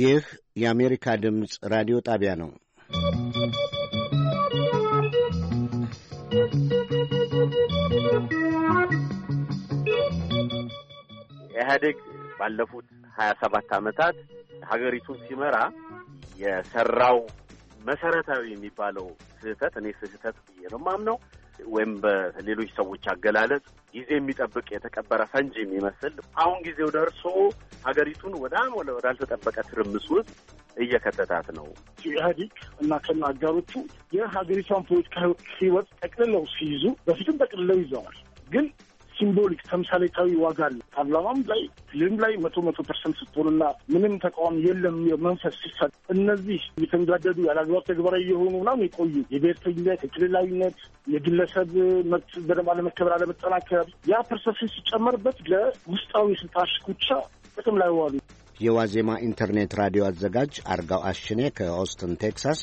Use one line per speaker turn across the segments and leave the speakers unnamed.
ይህ የአሜሪካ ድምፅ ራዲዮ ጣቢያ ነው።
ኢህአዴግ ባለፉት ሀያ ሰባት ዓመታት ሀገሪቱን ሲመራ የሰራው መሰረታዊ የሚባለው ስህተት እኔ ስህተት ብዬ ነው የማምነው ወይም በሌሎች ሰዎች አገላለጽ ጊዜ የሚጠብቅ የተቀበረ ፈንጂ የሚመስል አሁን ጊዜው ደርሶ ሀገሪቱን ወዳም ወዳልተጠበቀ ትርምስ ውስጥ እየከተታት ነው።
ኢህአዲግ እና ከና አጋሮቹ የሀገሪቷን ፖለቲካ ህይወት ጠቅልለው ሲይዙ በፊትም ጠቅልለው ይዘዋል። ግን ሲምቦሊክ ተምሳሌታዊ ዋጋ አለ። ፓርላማም ላይ ፊልም ላይ መቶ መቶ ፐርሰንት ስትሆንና ምንም ተቃዋሚ የለም መንፈስ ሲሰጥ እነዚህ የተንጋደዱ ያለአግባብ ተግባራዊ የሆኑ ምናምን የቆዩ የብሔርተኝነት፣ የክልላዊነት፣ የግለሰብ መብት በደንብ አለመከበር፣ አለመጠናከር ያ ፐርሰፕሽን ሲጨመርበት ለውስጣዊ ስልጣን ሽኩቻ ጥቅም ላይ ዋሉ።
የዋዜማ ኢንተርኔት ራዲዮ አዘጋጅ አርጋው አሽኔ ከኦስትን ቴክሳስ፣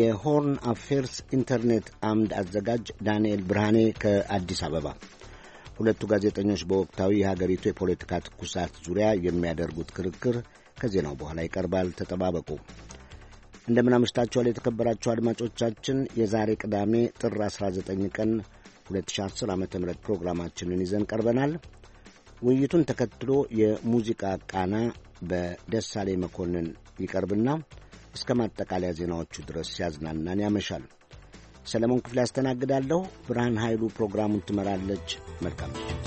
የሆርን አፌርስ ኢንተርኔት አምድ አዘጋጅ ዳንኤል ብርሃኔ ከአዲስ አበባ ሁለቱ ጋዜጠኞች በወቅታዊ የሀገሪቱ የፖለቲካ ትኩሳት ዙሪያ የሚያደርጉት ክርክር ከዜናው በኋላ ይቀርባል። ተጠባበቁ። እንደምን አምሽታችኋል የተከበራችሁ አድማጮቻችን። የዛሬ ቅዳሜ ጥር 19 ቀን 2010 ዓ ም ፕሮግራማችንን ይዘን ቀርበናል። ውይይቱን ተከትሎ የሙዚቃ ቃና በደሳሌ መኮንን ይቀርብና እስከ ማጠቃለያ ዜናዎቹ ድረስ ሲያዝናናን ያመሻል። ሰለሞን ክፍል ያስተናግዳለሁ። ብርሃን ኃይሉ ፕሮግራሙን ትመራለች። መልካም ምሽት።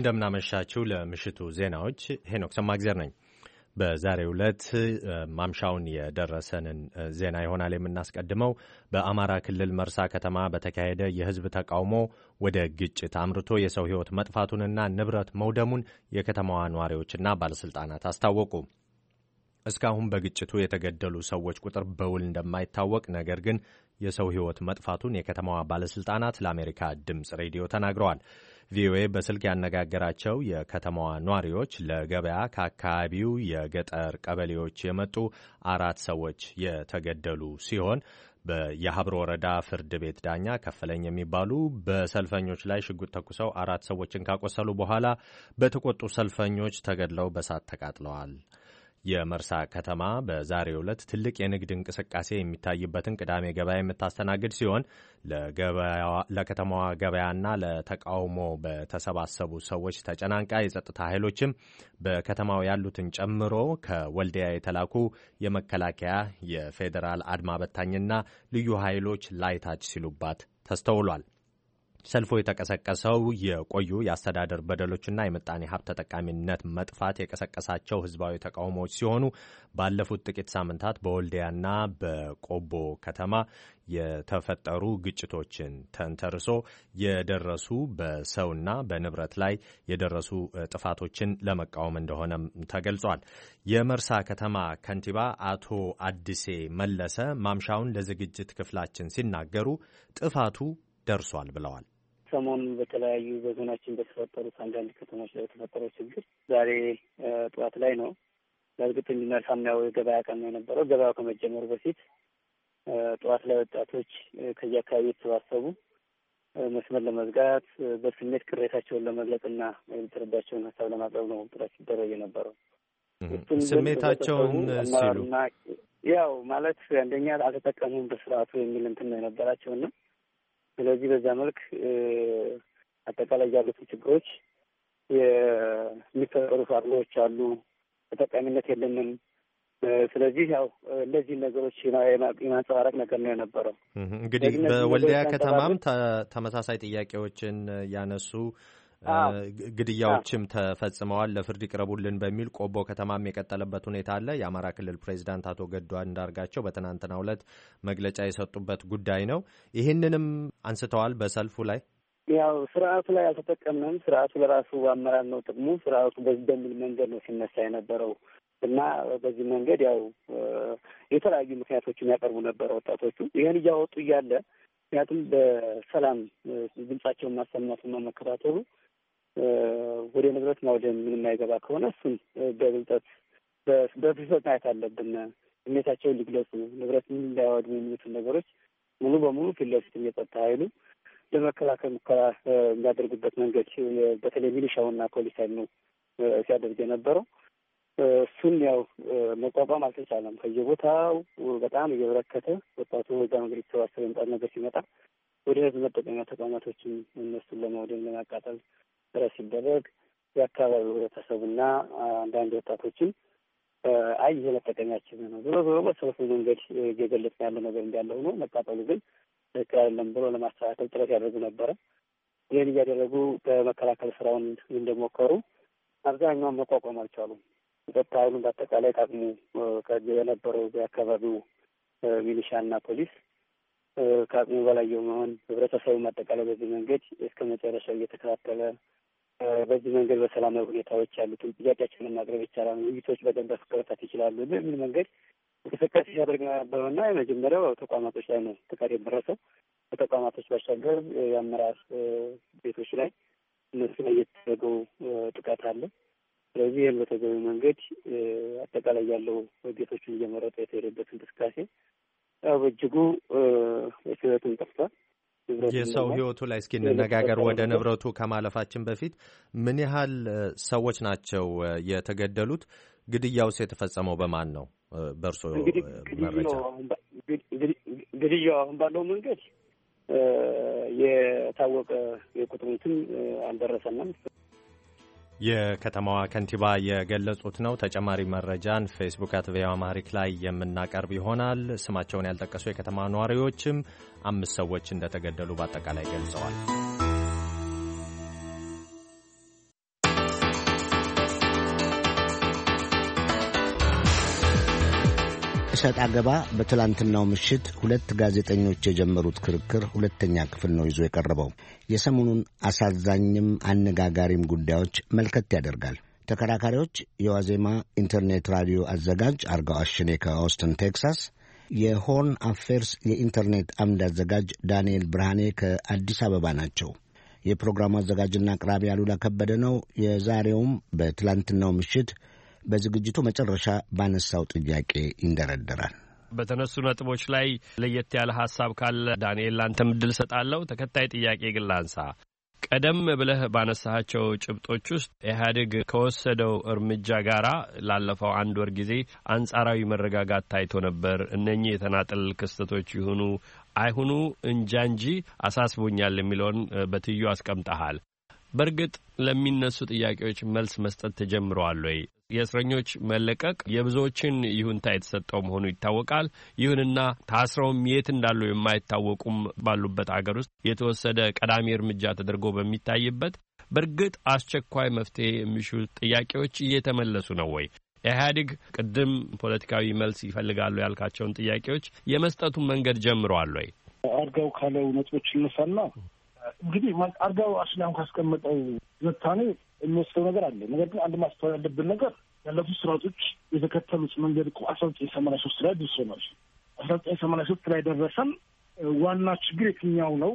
እንደምናመሻችሁ። ለምሽቱ ዜናዎች ሄኖክ ሰማግዜር ነኝ። በዛሬው ዕለት ማምሻውን የደረሰንን ዜና ይሆናል የምናስቀድመው። በአማራ ክልል መርሳ ከተማ በተካሄደ የህዝብ ተቃውሞ ወደ ግጭት አምርቶ የሰው ህይወት መጥፋቱንና ንብረት መውደሙን የከተማዋ ነዋሪዎችና ባለሥልጣናት አስታወቁ። እስካሁን በግጭቱ የተገደሉ ሰዎች ቁጥር በውል እንደማይታወቅ፣ ነገር ግን የሰው ህይወት መጥፋቱን የከተማዋ ባለሥልጣናት ለአሜሪካ ድምፅ ሬዲዮ ተናግረዋል። ቪኦኤ በስልክ ያነጋገራቸው የከተማዋ ነዋሪዎች ለገበያ ከአካባቢው የገጠር ቀበሌዎች የመጡ አራት ሰዎች የተገደሉ ሲሆን የሀብሮ ወረዳ ፍርድ ቤት ዳኛ ከፈለኝ የሚባሉ በሰልፈኞች ላይ ሽጉጥ ተኩሰው አራት ሰዎችን ካቆሰሉ በኋላ በተቆጡ ሰልፈኞች ተገድለው በሳት ተቃጥለዋል። የመርሳ ከተማ በዛሬው ዕለት ትልቅ የንግድ እንቅስቃሴ የሚታይበትን ቅዳሜ ገበያ የምታስተናግድ ሲሆን ለከተማዋ ገበያና ለተቃውሞ በተሰባሰቡ ሰዎች ተጨናንቃ የጸጥታ ኃይሎችም በከተማው ያሉትን ጨምሮ ከወልዲያ የተላኩ የመከላከያ የፌዴራል አድማ በታኝና ልዩ ኃይሎች ላይታች ሲሉባት ተስተውሏል። ሰልፉ የተቀሰቀሰው የቆዩ የአስተዳደር በደሎችና የምጣኔ ሀብት ተጠቃሚነት መጥፋት የቀሰቀሳቸው ህዝባዊ ተቃውሞዎች ሲሆኑ ባለፉት ጥቂት ሳምንታት በወልዲያና በቆቦ ከተማ የተፈጠሩ ግጭቶችን ተንተርሶ የደረሱ በሰውና በንብረት ላይ የደረሱ ጥፋቶችን ለመቃወም እንደሆነም ተገልጿል። የመርሳ ከተማ ከንቲባ አቶ አዲሴ መለሰ ማምሻውን ለዝግጅት ክፍላችን ሲናገሩ ጥፋቱ ደርሷል ብለዋል።
ሰሞኑ በተለያዩ በዞናችን በተፈጠሩት አንዳንድ ከተሞች ላይ የተፈጠረው ችግር ዛሬ ጠዋት ላይ ነው። በእርግጥ እንዲመር ሳምናዊ ገበያ ቀን ነው የነበረው። ገበያው ከመጀመሩ በፊት ጠዋት ላይ ወጣቶች ከዚህ አካባቢ የተሰባሰቡ መስመር ለመዝጋት በስሜት ቅሬታቸውን ለመግለጽና የሚጥርባቸውን ሀሳብ ለማቅረብ ነው ጥረት ሲደረግ የነበረው።
ስሜታቸውን ሲሉ
ያው ማለት አንደኛ አልተጠቀሙም በስርዓቱ የሚል እንትን ነው የነበራቸውና ስለዚህ በዛ መልክ አጠቃላይ ያሉትን ችግሮች የሚፈጠሩ ፋርሞዎች አሉ፣ ተጠቃሚነት የለንም። ስለዚህ ያው እነዚህ ነገሮች የማንጸባረቅ ነገር ነው የነበረው።
እንግዲህ በወልዲያ ከተማም ተመሳሳይ ጥያቄዎችን ያነሱ ግድያዎችም ተፈጽመዋል፣ ለፍርድ ይቅረቡልን በሚል ቆቦ ከተማም የቀጠለበት ሁኔታ አለ። የአማራ ክልል ፕሬዚዳንት አቶ ገዱ እንዳርጋቸው በትናንትናው ዕለት መግለጫ የሰጡበት ጉዳይ ነው። ይህንንም አንስተዋል በሰልፉ ላይ
ያው ስርዓቱ ላይ አልተጠቀምንም። ስርዓቱ ለራሱ አመራር ነው ጥቅሙ። ስርዓቱ በዚህ በሚል መንገድ ነው ሲነሳ የነበረው እና በዚህ መንገድ ያው የተለያዩ ምክንያቶችን ያቀርቡ ነበረ ወጣቶቹ ይህን እያወጡ እያለ ምክንያቱም በሰላም ድምጻቸውን ማሰማቱ መከታተሉ ወደ ንብረትና ወደ ምን የማይገባ ከሆነ እሱን በብልጠት በፍሰት ማየት አለብን። ስሜታቸውን ሊግለጹ ንብረት ምን እንዳያወድ የሚሉትን ነገሮች ሙሉ በሙሉ ፊት ለፊት እየጸጥታ ኃይሉ ለመከላከል ሙከራ የሚያደርጉበት መንገድ በተለይ ሚሊሻውና ፖሊስ ኃይል ነው ሲያደርግ የነበረው። እሱን ያው መቋቋም አልተቻለም። ከየቦታው በጣም እየበረከተ ወጣቱ ወዛ መንገድ የተሰባሰበ የመጣት ነገር ሲመጣ ወደ ህዝብ መጠቀሚያ ተቋማቶችን እነሱን ለማውደም ለማቃጠል ጥረት ሲደረግ የአካባቢው ህብረተሰቡና አንዳንድ ወጣቶችን አይ የመጠቀሚያችን ነው ብሎ ብሎ በሰበሰ መንገድ እየገለጽ ያለ ነገር እንዳለ ሆኖ መቃጠሉ ግን ልክ አይደለም ብሎ ለማስተካከል ጥረት ያደርጉ ነበረ። ይህን እያደረጉ በመከላከል ስራውን እንደሞከሩ አብዛኛውን መቋቋም አልቻሉም። የጸጥታ ኃይሉን በአጠቃላይ ታቅሙ የነበረው የአካባቢው ሚሊሻና ፖሊስ ከአቅሙ በላይ የመሆን ህብረተሰቡ አጠቃላይ በዚህ መንገድ እስከ መጨረሻው እየተከታተለ በዚህ መንገድ በሰላማዊ ሁኔታዎች ያሉትን ጥያቄያችንን ማቅረብ ይቻላል። ውይይቶች በደንብ በመፍታት ይችላሉ በሚል መንገድ እንቅስቃሴ ሲያደርግ ነበረውና የመጀመሪያው ተቋማቶች ላይ ነው ጥቃት የደረሰው። በተቋማቶች ባሻገር የአመራር ቤቶች ላይ እነሱ ላይ የተደረገው ጥቃት አለ። ስለዚህ ይህን በተገቢ መንገድ አጠቃላይ ያለው ቤቶችን እየመረጠ የተሄደበት እንቅስቃሴ በእጅጉ ሕይወትን ጠፍቷል። የሰው ህይወቱ ላይ እስኪ እንነጋገር። ወደ
ንብረቱ ከማለፋችን በፊት ምን ያህል ሰዎች ናቸው የተገደሉት? ግድያውስ የተፈጸመው በማን ነው? በእርሶ መረጃ።
ግድያው አሁን ባለው መንገድ የታወቀ የቁጥሩትም አልደረሰንም።
የከተማዋ ከንቲባ የገለጹት ነው። ተጨማሪ መረጃን ፌስቡክ አት ቪኦኤ አማሪክ ላይ የምናቀርብ ይሆናል። ስማቸውን ያልጠቀሱ የከተማ ነዋሪዎችም አምስት ሰዎች እንደተገደሉ በአጠቃላይ ገልጸዋል።
እሰጥ አገባ በትላንትናው ምሽት ሁለት ጋዜጠኞች የጀመሩት ክርክር ሁለተኛ ክፍል ነው ይዞ የቀረበው። የሰሞኑን አሳዛኝም አነጋጋሪም ጉዳዮች መልከት ያደርጋል። ተከራካሪዎች የዋዜማ ኢንተርኔት ራዲዮ አዘጋጅ አርጋው አሽኔ ከኦስትን ቴክሳስ፣ የሆርን አፌርስ የኢንተርኔት አምድ አዘጋጅ ዳንኤል ብርሃኔ ከአዲስ አበባ ናቸው። የፕሮግራሙ አዘጋጅና አቅራቢ አሉላ ከበደ ነው። የዛሬውም በትላንትናው ምሽት በዝግጅቱ መጨረሻ ባነሳው ጥያቄ ይንደረደራል።
በተነሱ ነጥቦች ላይ ለየት ያለ ሀሳብ ካለ ዳንኤል ላንተ ምድል እሰጣለሁ። ተከታይ ጥያቄ ግን ላንሳ። ቀደም ብለህ ባነሳቸው ጭብጦች ውስጥ ኢህአዴግ ከወሰደው እርምጃ ጋር ላለፈው አንድ ወር ጊዜ አንጻራዊ መረጋጋት ታይቶ ነበር። እነኚህ የተናጠል ክስተቶች ይሁኑ አይሁኑ እንጃ እንጂ አሳስቦኛል የሚለውን በትዩ አስቀምጠሃል። በእርግጥ ለሚነሱ ጥያቄዎች መልስ መስጠት ተጀምረዋል ወይ? የእስረኞች መለቀቅ የብዙዎችን ይሁንታ የተሰጠው መሆኑ ይታወቃል። ይሁንና ታስረውም የት እንዳሉ የማይታወቁም ባሉበት አገር ውስጥ የተወሰደ ቀዳሚ እርምጃ ተደርጎ በሚታይበት በእርግጥ አስቸኳይ መፍትሄ የሚሹ ጥያቄዎች እየተመለሱ ነው ወይ? ኢህአዴግ ቅድም ፖለቲካዊ መልስ ይፈልጋሉ ያልካቸውን ጥያቄዎች የመስጠቱን መንገድ ጀምረዋል ወይ?
አድጋው ካለው ነጥቦች ልነሳና እንግዲህ አርጋው አስላም ካስቀመጠው ትንታኔ የሚወስደው ነገር አለ። ነገር ግን አንድ ማስተዋል ያለብን ነገር ያለፉት ስርዓቶች የተከተሉት መንገድ እኮ አስራ ዘጠኝ ሰማንያ ሶስት ላይ ደርሶናል። አስራ ዘጠኝ ሰማንያ ሶስት ላይ ደረሰን። ዋና ችግር የትኛው ነው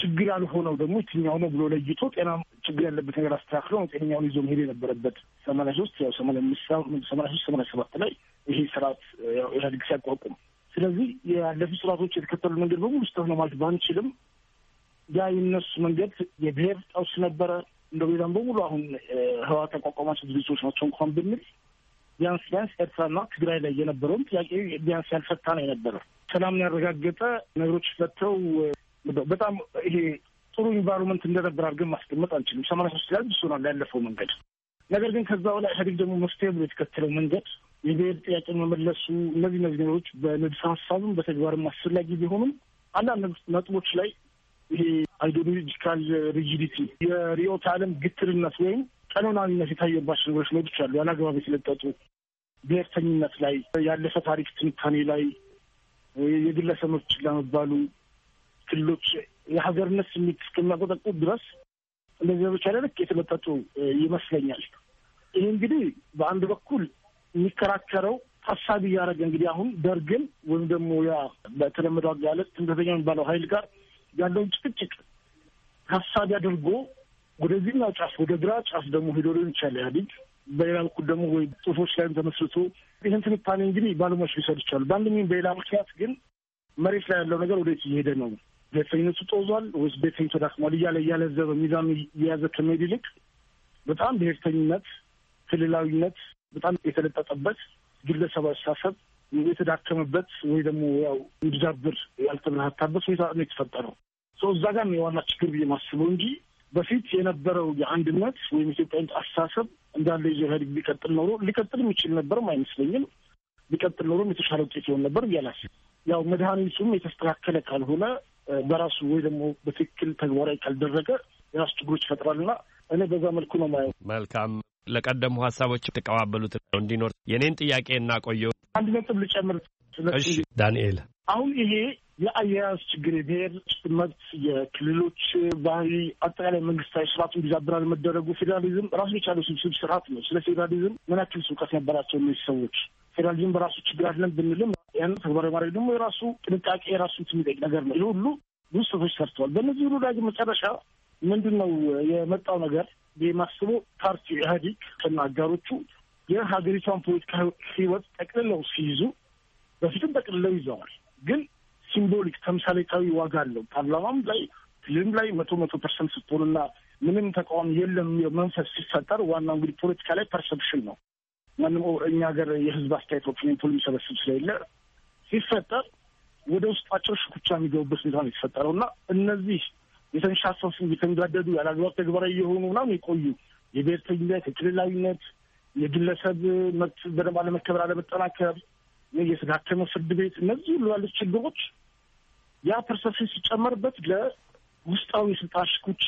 ችግር ያልሆነው ደግሞ የትኛው ነው ብሎ ለይቶ ጤና ችግር ያለበት ነገር አስተካክሎ ጤነኛውን ይዞ መሄድ የነበረበት። ሰማንያ ሶስት ያው ሰማንያ ሶስት ሰማንያ ሰባት ላይ ይሄ ስርዓት ያው ኢህአዴግ ሲያቋቁም፣ ስለዚህ ያለፉት ስርዓቶች የተከተሉ መንገድ በሙሉ ስህተት ነው ማለት ባንችልም ያ የነሱ መንገድ የብሔር ጠውስ ነበረ። እንደው ሌላም በሙሉ አሁን ህወሓት ያቋቋማቸው ድርጅቶች ናቸው እንኳን ብንል ቢያንስ ቢያንስ ኤርትራና ትግራይ ላይ የነበረውን ጥያቄ ቢያንስ ያልፈታ ነው የነበረው። ሰላምን ያረጋገጠ ነገሮች ፈተው በጣም ይሄ ጥሩ ኢንቫይሮንመንት እንደነበር አድርገን ማስቀመጥ አንችልም። ሰማንያ ሶስት ያህል ይሆናል ያለፈው መንገድ። ነገር ግን ከዛ በላይ ኢህአዴግ ደግሞ መፍትሄ ብሎ የተከተለው መንገድ የብሔር ጥያቄ መመለሱ፣ እነዚህ እነዚህ ነገሮች በንድፈ ሀሳብም በተግባርም አስፈላጊ ቢሆኑም አንዳንድ ነጥቦች ላይ ይሄ አይዲዮሎጂካል ሪጂዲቲ የሪዮት አለም ግትርነት ወይም ቀኖናዊነት የታየባቸው ነገሮች መዶች አሉ። ያለአግባብ የተለጠጡ ብሔርተኝነት ላይ፣ ያለፈ ታሪክ ትንታኔ ላይ፣ የግለሰቦች ለመባሉ ክልሎች የሀገርነት ስሜት እስከሚያቆጠቁ ድረስ እንደዚህ ነገሮች ያለ ልክ የተለጠጡ ይመስለኛል። ይህ እንግዲህ በአንድ በኩል የሚከራከረው ታሳቢ እያደረገ እንግዲህ አሁን ደርግን ወይም ደግሞ ያ በተለመደው አገላለጽ ትምክህተኛ የሚባለው ሀይል ጋር ያለውን ጭቅጭቅ ሀሳብ አድርጎ ወደዚህኛው ጫፍ ወደ ግራ ጫፍ ደግሞ ሄዶ ሊሆን ይቻለ ኢህአዴግ። በሌላ በኩል ደግሞ ወይ ጽሁፎች ላይም ተመስርቶ ይህን ትንታኔ እንግዲህ ባለሙያዎች ሊሰሩ ይቻሉ። በአንድም በሌላ ምክንያት ግን መሬት ላይ ያለው ነገር ወዴት እየሄደ ነው? ብሔርተኝነቱ ጦዟል ወይስ ብሔርተኝነቱ ተዳክሟል? እያለ እያለዘበ ሚዛኑ የያዘ ከመሄድ ይልቅ በጣም ብሔርተኝነት፣ ክልላዊነት በጣም የተለጠጠበት ግለሰባዊ አስተሳሰብ የተዳከመበት ወይ ደግሞ ያው እንዲዳብር ያልተበረታበት ሁኔታ ነው የተፈጠረው። ሰው እዛ ጋር የዋና ችግር ብዬ ማስበው እንጂ በፊት የነበረው የአንድነት ወይም ኢትዮጵያዊነት አስተሳሰብ እንዳለ ይዞ ኢህአዴግ ቢቀጥል ኖሮ ሊቀጥል የሚችል ነበርም አይመስለኝም። ቢቀጥል ኖሮም የተሻለ ውጤት ይሆን ነበር ብያላስ ያው መድኃኒቱም የተስተካከለ ካልሆነ በራሱ ወይ ደግሞ በትክክል ተግባራዊ ካልደረገ የራሱ ችግሮች ይፈጥራልና እኔ በዛ መልኩ ነው ማየው። መልካም
ለቀደሙ ሀሳቦች የተቀባበሉት ነው እንዲኖር የኔን ጥያቄ እናቆየው። አንድ ነጥብ
ልጨምር። እሺ ዳንኤል፣ አሁን ይሄ የአያያዝ ችግር የብሔር መብት፣ የክልሎች ባህሪ፣ አጠቃላይ መንግስታዊ ስርዓቱን ዲዛብር አለመደረጉ፣ ፌዴራሊዝም ራሱ የቻለ ስብስብ ስርዓት ነው። ስለ ፌዴራሊዝም ምን ያክል እውቀት ነበራቸው እነዚህ ሰዎች? ፌዴራሊዝም በራሱ ችግር አለን ብንልም ያን ተግባራዊ ማድረግ ደግሞ የራሱ ጥንቃቄ የራሱ የሚጠይቅ ነገር ነው። ይህ ሁሉ ብዙ ሰቶች ሰርተዋል። በእነዚህ ሁሉ ላይ መጨረሻ ምንድን ነው የመጣው ነገር የማስቦ ፓርቲ ኢህአዲግ ከና አጋሮቹ የሀገሪቷን ፖለቲካ ህይወት ጠቅልለው ሲይዙ በፊትም ጠቅልለው ይዘዋል። ግን ሲምቦሊክ ተምሳሌታዊ ዋጋ አለው። ፓርላማም ላይ ክልልም ላይ መቶ መቶ ፐርሰንት ስትሆንና ምንም ተቃዋሚ የለም መንፈስ ሲፈጠር ዋና እንግዲህ ፖለቲካ ላይ ፐርሰፕሽን ነው። ማንም እኛ ሀገር የህዝብ አስተያየት ኦፒኒን ፖል የሚሰበስብ ስለሌለ ሲፈጠር ወደ ውስጣቸው ሽኩቻ የሚገቡበት ሁኔታ ነው የተፈጠረው እና እነዚህ የተንሻሰሱ የተንጋደዱ ያላግባብ ተግባራዊ የሆኑ ምናምን የቆዩ የብሔርተኝነት፣ የክልላዊነት፣ የግለሰብ መብት በደንብ አለመከበር፣ አለመጠናከር፣ የተዳከመ ፍርድ ቤት እነዚህ ሁሉ ያሉት ችግሮች ያ ፐርሰፕሽን ሲጨመርበት ለውስጣዊ ስልጣን ሽኩቻ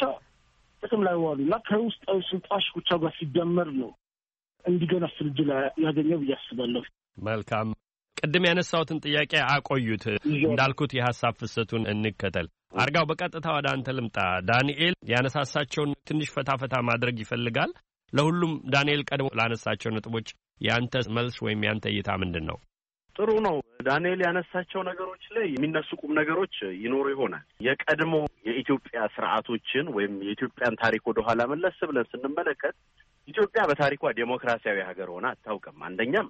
ጥቅም ላይ ዋሉ እና ከውስጣዊ ስልጣን ሽኩቻ ጋር ሲደመር ነው እንዲገነፍል እድል ያገኘው ብዬ አስባለሁ።
መልካም። ቅድም ያነሳሁትን ጥያቄ አቆዩት። እንዳልኩት የሀሳብ ፍሰቱን እንከተል። አርጋው በቀጥታ ወደ አንተ ልምጣ። ዳንኤል ያነሳሳቸውን ትንሽ ፈታፈታ ማድረግ ይፈልጋል። ለሁሉም ዳንኤል ቀድሞ ላነሳቸው ነጥቦች የአንተ መልስ ወይም የአንተ እይታ ምንድን ነው?
ጥሩ ነው። ዳንኤል ያነሳቸው ነገሮች ላይ የሚነሱ ቁም ነገሮች ይኖሩ ይሆናል። የቀድሞ የኢትዮጵያ ስርዓቶችን ወይም የኢትዮጵያን ታሪክ ወደኋላ መለስ ብለን ስንመለከት ኢትዮጵያ በታሪኳ ዴሞክራሲያዊ ሀገር ሆና አታውቅም። አንደኛም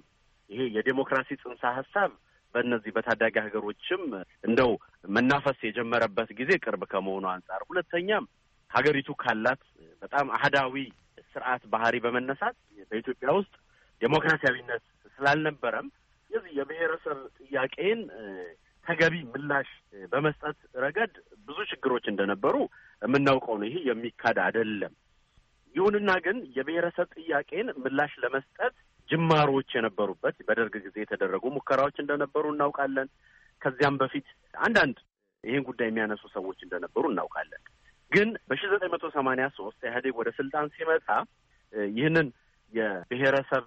ይሄ የዴሞክራሲ ጽንሰ ሀሳብ በእነዚህ በታዳጊ ሀገሮችም እንደው መናፈስ የጀመረበት ጊዜ ቅርብ ከመሆኑ አንጻር፣ ሁለተኛም ሀገሪቱ ካላት በጣም አህዳዊ ስርዓት ባህሪ በመነሳት በኢትዮጵያ ውስጥ ዴሞክራሲያዊነት ስላልነበረም
የዚህ የብሔረሰብ
ጥያቄን
ተገቢ ምላሽ
በመስጠት ረገድ ብዙ ችግሮች እንደነበሩ የምናውቀው ነው። ይሄ የሚካድ አይደለም። ይሁንና ግን የብሔረሰብ ጥያቄን ምላሽ ለመስጠት ጅማሮዎች የነበሩበት በደርግ ጊዜ የተደረጉ ሙከራዎች እንደነበሩ እናውቃለን። ከዚያም በፊት አንዳንድ ይህን ጉዳይ የሚያነሱ ሰዎች እንደነበሩ እናውቃለን። ግን በሺ ዘጠኝ መቶ ሰማኒያ ሶስት ኢህአዴግ ወደ ስልጣን ሲመጣ ይህንን የብሔረሰብ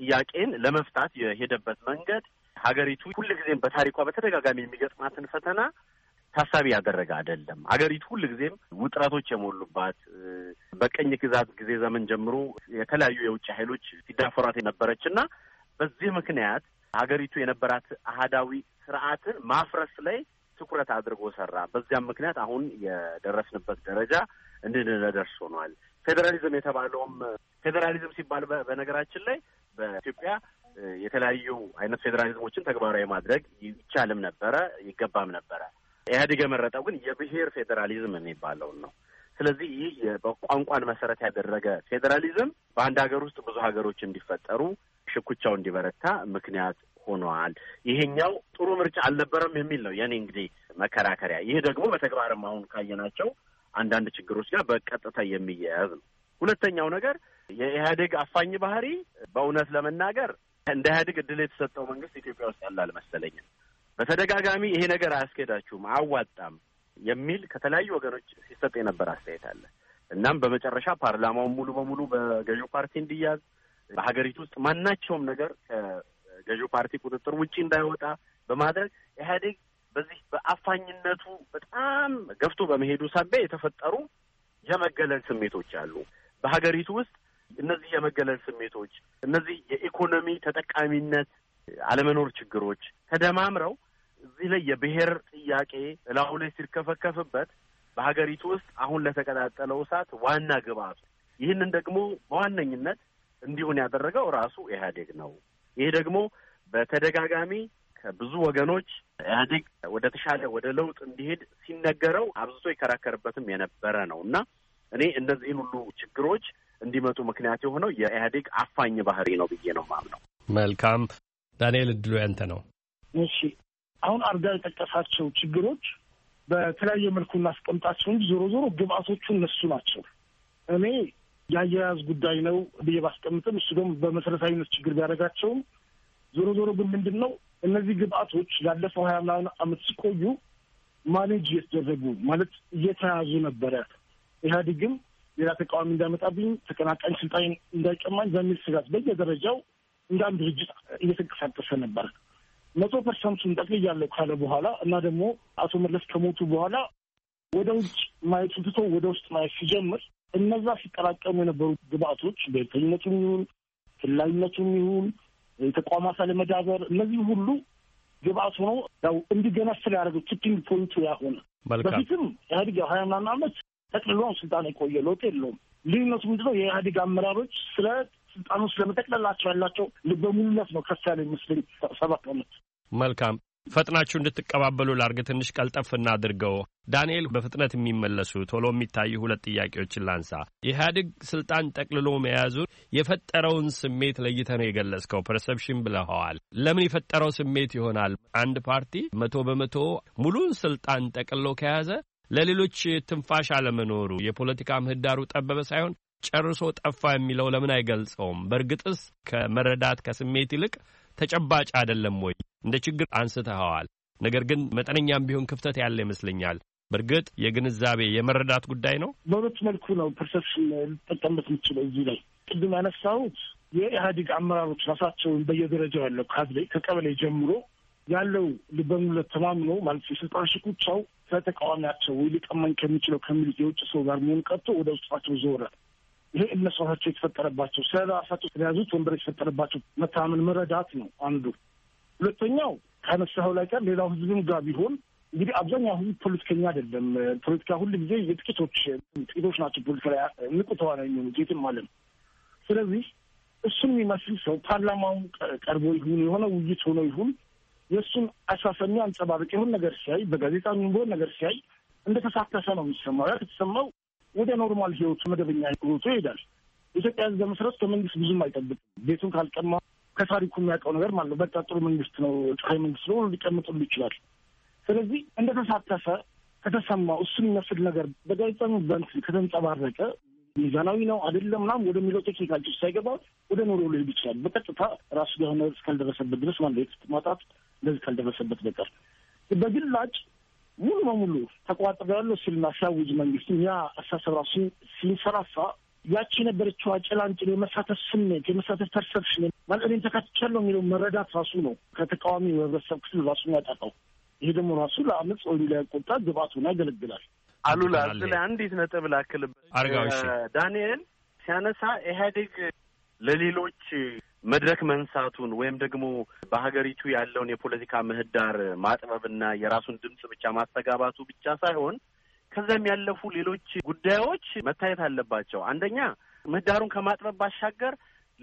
ጥያቄን ለመፍታት የሄደበት መንገድ ሀገሪቱ ሁልጊዜም በታሪኳ በተደጋጋሚ የሚገጥማትን ፈተና ታሳቢ ያደረገ አይደለም። አገሪቱ ጊዜም ውጥረቶች የሞሉባት በቀኝ ግዛት ጊዜ ዘመን ጀምሮ የተለያዩ የውጭ ኃይሎች ሲዳፈሯት የነበረች እና በዚህ ምክንያት ሀገሪቱ የነበራት አህዳዊ ስርዓትን ማፍረስ ላይ ትኩረት አድርጎ ሰራ። በዚያም ምክንያት አሁን የደረስንበት ደረጃ እንድንደርስ ሆኗል። ፌዴራሊዝም የተባለውም ፌዴራሊዝም ሲባል በነገራችን ላይ በኢትዮጵያ የተለያዩ አይነት ፌዴራሊዝሞችን ተግባራዊ ማድረግ ይቻልም ነበረ ይገባም ነበረ። ኢህአዴግ የመረጠው ግን የብሔር ፌዴራሊዝም የሚባለውን ነው። ስለዚህ ይህ በቋንቋን መሰረት ያደረገ ፌዴራሊዝም በአንድ ሀገር ውስጥ ብዙ ሀገሮች እንዲፈጠሩ፣ ሽኩቻው እንዲበረታ ምክንያት ሆኗል። ይሄኛው ጥሩ ምርጫ አልነበረም የሚል ነው የኔ እንግዲህ መከራከሪያ። ይህ ደግሞ በተግባርም አሁን ካየናቸው አንዳንድ ችግሮች ጋር በቀጥታ የሚያያዝ ነው። ሁለተኛው ነገር የኢህአዴግ አፋኝ ባህሪ በእውነት ለመናገር እንደ ኢህአዴግ እድል የተሰጠው መንግስት ኢትዮጵያ ውስጥ ያለ አልመሰለኝም። በተደጋጋሚ ይሄ ነገር አያስኬዳችሁም፣ አያዋጣም የሚል ከተለያዩ ወገኖች ሲሰጥ የነበር አስተያየት አለ። እናም በመጨረሻ ፓርላማውን ሙሉ በሙሉ በገዢው ፓርቲ እንዲያዝ፣ በሀገሪቱ ውስጥ ማናቸውም ነገር ከገዢው ፓርቲ ቁጥጥር ውጪ እንዳይወጣ በማድረግ ኢህአዴግ በዚህ በአፋኝነቱ በጣም ገፍቶ በመሄዱ ሳቢያ የተፈጠሩ የመገለል ስሜቶች አሉ በሀገሪቱ ውስጥ። እነዚህ የመገለል ስሜቶች፣ እነዚህ የኢኮኖሚ ተጠቃሚነት አለመኖር ችግሮች ተደማምረው እዚህ ላይ የብሔር ጥያቄ እላሁ ላይ ሲርከፈከፍበት በሀገሪቱ ውስጥ አሁን ለተቀጣጠለው እሳት ዋና ግብአቱ ይህንን ደግሞ በዋነኝነት እንዲሆን ያደረገው ራሱ ኢህአዴግ ነው። ይሄ ደግሞ በተደጋጋሚ ከብዙ ወገኖች ኢህአዴግ ወደ ተሻለ ወደ ለውጥ እንዲሄድ ሲነገረው አብዝቶ ይከራከርበትም የነበረ ነው እና እኔ እነዚህን ሁሉ ችግሮች እንዲመጡ ምክንያት የሆነው የኢህአዴግ አፋኝ ባህሪ ነው ብዬ ነው ማምነው።
መልካም ዳንኤል፣ እድሉ ያንተ ነው።
እሺ አሁን አርጋ የጠቀሳቸው ችግሮች በተለያየ መልኩ እናስቀምጣቸው እንጂ ዞሮ ዞሮ ግብአቶቹ እነሱ ናቸው። እኔ የአያያዝ ጉዳይ ነው ብዬ ባስቀምጥም እሱ ደግሞ በመሰረታዊነት ችግር ቢያደርጋቸውም ዞሮ ዞሮ ግን ምንድን ነው እነዚህ ግብአቶች ያለፈው ሀያ ምናምን ዓመት ሲቆዩ ማኔጅ እየተደረጉ ማለት እየተያዙ ነበረ። ኢህአዴግም ሌላ ተቃዋሚ እንዳይመጣብኝ ተቀናቃኝ ስልጣኝ እንዳይቀማኝ በሚል ስጋት በየደረጃው እንደ አንድ ድርጅት እየተንቀሳቀሰ ነበር። መቶ ፐርሰንቱን ጠቅልያለሁ ካለ በኋላ እና ደግሞ አቶ መለስ ከሞቱ በኋላ ወደ ውጭ ማየቱን ትቶ ወደ ውስጥ ማየት ሲጀምር እነዛ ሲጠራቀሙ የነበሩ ግብአቶች ብሔርተኝነቱም ይሁን ክልላዊነቱም ይሁን የተቋማት አለመዳበር እነዚህ ሁሉ ግብአት ሆኖ ያው እንዲገነፍል ያደረገው ቲፒንግ ፖይንቱ ያሆነ በፊትም ኢህአዴግ ሀያ ምናምን አመት ጠቅልሎ ስልጣን የቆየ ለውጥ የለውም። ልዩነቱ ምንድነው? የኢህአዴግ አመራሮች ስለ ስልጣኑ ስለመጠቅለላቸው ያላቸው ሙሉነት ነው። ክርስቲያን ሙስሊም ሰባት ሆነት
መልካም ፈጥናችሁ እንድትቀባበሉ ላርግ። ትንሽ ቀልጠፍ እናድርገው። ዳንኤል፣ በፍጥነት የሚመለሱ ቶሎ የሚታዩ ሁለት ጥያቄዎችን ላንሳ። የኢህአዴግ ስልጣን ጠቅልሎ መያዙ የፈጠረውን ስሜት ለይተ ነው የገለጽከው፣ ፐርሰፕሽን ብለኸዋል። ለምን የፈጠረው ስሜት ይሆናል? አንድ ፓርቲ መቶ በመቶ ሙሉን ስልጣን ጠቅልሎ ከያዘ ለሌሎች ትንፋሽ አለመኖሩ የፖለቲካ ምህዳሩ ጠበበ ሳይሆን ጨርሶ ጠፋ የሚለው ለምን አይገልጸውም? በእርግጥስ ከመረዳት ከስሜት ይልቅ ተጨባጭ አይደለም ወይ? እንደ ችግር አንስተኸዋል። ነገር ግን መጠነኛም ቢሆን ክፍተት ያለ ይመስለኛል። በእርግጥ የግንዛቤ የመረዳት ጉዳይ ነው።
በሁለት መልኩ ነው ፐርሰፕሽን ልጠቀምበት የምችለው እዚህ ላይ ቅድም ያነሳሁት የኢህአዴግ አመራሮች ራሳቸውን በየደረጃው ያለው ካድሬ ከቀበሌ ጀምሮ ያለው ልበሙለት ተማምኖ ማለት የስልጣን ሽኩቻው ከተቃዋሚያቸው ወይ ሊቀማኝ ከሚችለው ከሚሉት የውጭ ሰው ጋር መሆን ቀጥቶ ወደ ውስጣቸው ዞረ። ይሄ እነሱ ልዕልነስራቸው የተፈጠረባቸው ስለራሳቸው ስለያዙት ወንበር የተፈጠረባቸው መታመን መረዳት ነው አንዱ። ሁለተኛው ከነሳው ላይ ቀር ሌላው ህዝብም ጋር ቢሆን እንግዲህ አብዛኛው ህዝብ ፖለቲከኛ አይደለም። ፖለቲካ ሁሉ ጊዜ የጥቂቶች ጥቂቶች ናቸው ፖለቲካ ላይ ንቁ ተዋናይ የሚሆኑት የትም ዓለም። ስለዚህ እሱን የሚመስል ሰው ፓርላማው ቀርቦ ይሁን የሆነ ውይይት ሆኖ ይሁን የእሱን አሳሰሚ አንጸባርቅ የሆን ነገር ሲያይ በጋዜጣ በሆን ነገር ሲያይ እንደተሳተፈ ነው የሚሰማው። ያ ከተሰማው ወደ ኖርማል ህይወቱ መደበኛ ህይወቱ ይሄዳል። ኢትዮጵያ ህዝብ በመሰረቱ ከመንግስት ብዙም አይጠብቅም። ቤቱን ካልቀማ ከታሪኩ የሚያውቀው ነገር ማለት ነው። በቃ ጥሩ መንግስት ነው ጸሐይ መንግስት ነው ሊቀምጥሉ ይችላል። ስለዚህ እንደተሳተፈ ከተሰማ እሱን የሚመስል ነገር በጋዜጣ በንት ከተንጸባረቀ ሚዛናዊ ነው አይደለም ምናምን ወደሚለው ቴክኒካል ጭ ሳይገባ ወደ ኖሮ ሊሄድ ይችላል። በቀጥታ ራሱ የሆነ እስካልደረሰበት ድረስ ማለት ማጣት እንደዚህ ካልደረሰበት በቀር በግላጭ ሙሉ በሙሉ ተቋጥረዋል ሲል ማሳውጅ መንግስት እኛ አሳሰብ ራሱ ሲንሰራፋ ያቺ የነበረችው ጭላንጭል የመሳተፍ ስሜት የመሳተፍ ፐርሰፕሽን ማለት እኔም ተካትቻለሁ የሚለው መረዳት ራሱ ነው ከተቃዋሚ ህብረተሰብ ክፍል ራሱ ያጠቃው። ይሄ ደግሞ ራሱ ለአመፅ ወይም ላይቆጣ ግብአት ሆና ያገለግላል።
አሉላ ላይ
አንዲት ነጥብ ላክልበት ዳንኤል ሲያነሳ ኢህአዴግ
ለሌሎች መድረክ መንሳቱን ወይም ደግሞ በሀገሪቱ ያለውን የፖለቲካ ምህዳር ማጥበብና የራሱን ድምፅ ብቻ ማስተጋባቱ ብቻ ሳይሆን ከዚያም ያለፉ ሌሎች ጉዳዮች መታየት አለባቸው። አንደኛ ምህዳሩን ከማጥበብ ባሻገር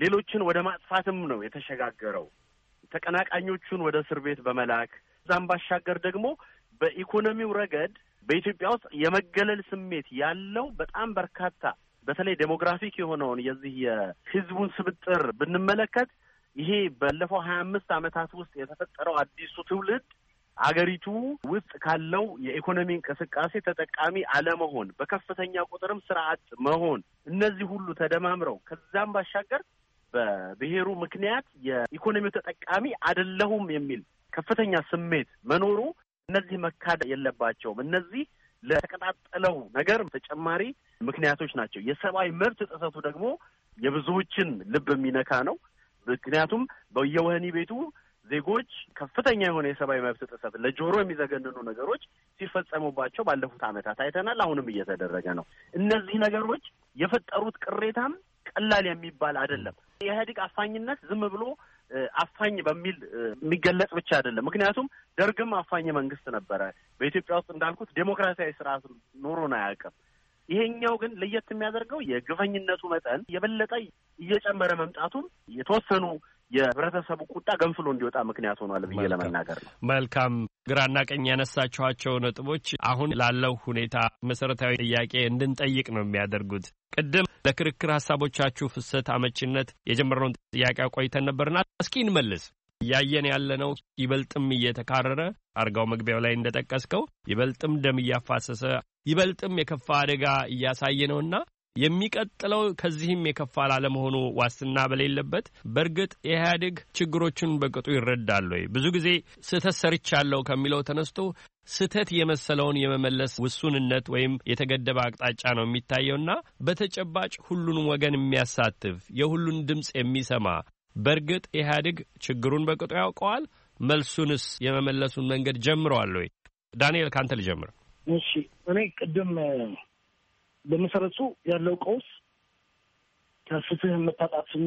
ሌሎችን ወደ ማጥፋትም ነው የተሸጋገረው ተቀናቃኞቹን ወደ እስር ቤት በመላክ እዛም ባሻገር ደግሞ በኢኮኖሚው ረገድ በኢትዮጵያ ውስጥ የመገለል ስሜት ያለው በጣም በርካታ በተለይ ዴሞግራፊክ የሆነውን የዚህ የህዝቡን ስብጥር ብንመለከት ይሄ ባለፈው ሀያ አምስት ዓመታት ውስጥ የተፈጠረው አዲሱ ትውልድ አገሪቱ ውስጥ ካለው የኢኮኖሚ እንቅስቃሴ ተጠቃሚ አለመሆን፣ በከፍተኛ ቁጥርም ስራ አጥ መሆን፣ እነዚህ ሁሉ ተደማምረው ከዛም ባሻገር በብሔሩ ምክንያት የኢኮኖሚው ተጠቃሚ አይደለሁም የሚል ከፍተኛ ስሜት መኖሩ እነዚህ መካድ የለባቸውም። እነዚህ ለተቀጣጠለው ነገር ተጨማሪ ምክንያቶች ናቸው። የሰብአዊ መብት ጥሰቱ ደግሞ የብዙዎችን ልብ የሚነካ ነው። ምክንያቱም በየወህኒ ቤቱ ዜጎች ከፍተኛ የሆነ የሰብአዊ መብት ጥሰት ለጆሮ የሚዘገንኑ ነገሮች ሲፈጸሙባቸው ባለፉት ዓመታት አይተናል። አሁንም እየተደረገ ነው። እነዚህ ነገሮች የፈጠሩት ቅሬታም ቀላል የሚባል አይደለም። የኢህአዴግ አፋኝነት ዝም ብሎ አፋኝ በሚል የሚገለጽ ብቻ አይደለም። ምክንያቱም ደርግም አፋኝ መንግስት ነበረ። በኢትዮጵያ ውስጥ እንዳልኩት ዴሞክራሲያዊ ስርዓት ኖሮን አያውቅም። ይሄኛው ግን ለየት የሚያደርገው የግፈኝነቱ መጠን የበለጠ እየጨመረ መምጣቱም የተወሰኑ የህብረተሰቡ ቁጣ ገንፍሎ እንዲወጣ ምክንያት ሆኗል ብዬ ለመናገር
ነው። መልካም ግራና ቀኝ ያነሳችኋቸው ነጥቦች አሁን ላለው ሁኔታ መሰረታዊ ጥያቄ እንድንጠይቅ ነው የሚያደርጉት። ቅድም ለክርክር ሀሳቦቻችሁ ፍሰት አመችነት የጀመርነውን ጥያቄ ቆይተን ነበርና እስኪ እንመልስ። እያየን ያለነው ይበልጥም እየተካረረ አርጋው መግቢያው ላይ እንደጠቀስከው ይበልጥም ደም እያፋሰሰ ይበልጥም የከፋ አደጋ እያሳየ ነውና የሚቀጥለው ከዚህም የከፋ ላለመሆኑ ዋስትና በሌለበት በእርግጥ የኢህአዴግ ችግሮቹን በቅጡ ይረዳል ወይ? ብዙ ጊዜ ስህተት ሰርቻለሁ ከሚለው ተነስቶ ስህተት የመሰለውን የመመለስ ውሱንነት ወይም የተገደበ አቅጣጫ ነው የሚታየውና በተጨባጭ ሁሉንም ወገን የሚያሳትፍ የሁሉን ድምፅ የሚሰማ በእርግጥ ኢህአዴግ ችግሩን በቅጡ ያውቀዋል? መልሱንስ የመመለሱን መንገድ ጀምረዋል ወይ? ዳንኤል ካንተ ልጀምር።
እሺ እኔ ቅድም በመሰረቱ ያለው ቀውስ ከፍትህ መታጣትን፣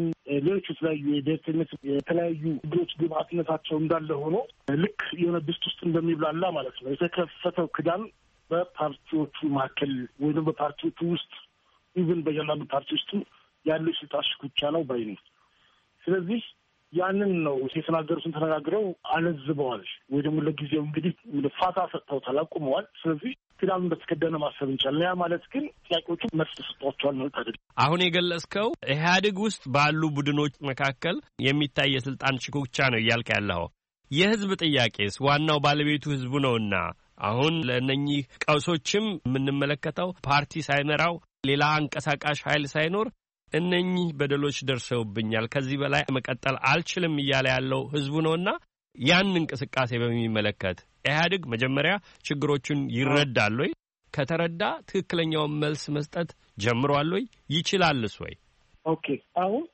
ሌሎች የተለያዩ የብሔርተኝነት የተለያዩ ህግሮች ግብአትነታቸው እንዳለ ሆኖ ልክ የሆነ ድስት ውስጥ እንደሚብላላ ማለት ነው። የተከፈተው ክዳን በፓርቲዎቹ መካከል ወይም በፓርቲዎቹ ውስጥ ኢቭን በእያንዳንዱ ፓርቲ ውስጥም ያለው የስልጣን ሽኩቻ ነው ባይ ነው። ስለዚህ ያንን ነው የተናገሩ ተነጋግረው አለዝበዋል ወይ ደግሞ ለጊዜው እንግዲህ ፋታ ሰጥተውታል፣ አቁመዋል። ስለዚህ ፊናሉ እንደተከደነ ማሰብ እንችላለን። ያ ማለት ግን ጥያቄዎቹ መልስ ተሰጥቷቸዋል ማለት አይደለም።
አሁን የገለጽከው ኢህአዴግ ውስጥ ባሉ ቡድኖች መካከል የሚታይ የስልጣን ሽኩቻ ነው እያልከ ያለው። የህዝብ ጥያቄስ ዋናው ባለቤቱ ህዝቡ ነውና አሁን ለእነኚህ ቀውሶችም የምንመለከተው ፓርቲ ሳይመራው ሌላ አንቀሳቃሽ ኃይል ሳይኖር እነኚህ በደሎች ደርሰውብኛል፣ ከዚህ በላይ መቀጠል አልችልም እያለ ያለው ህዝቡ ነውና ያን እንቅስቃሴ በሚመለከት ኢህአዴግ መጀመሪያ ችግሮቹን ይረዳል ወይ? ከተረዳ ትክክለኛውን መልስ መስጠት ጀምሯል ወይ? ይችላልስ ወይ?
ኦኬ አሁን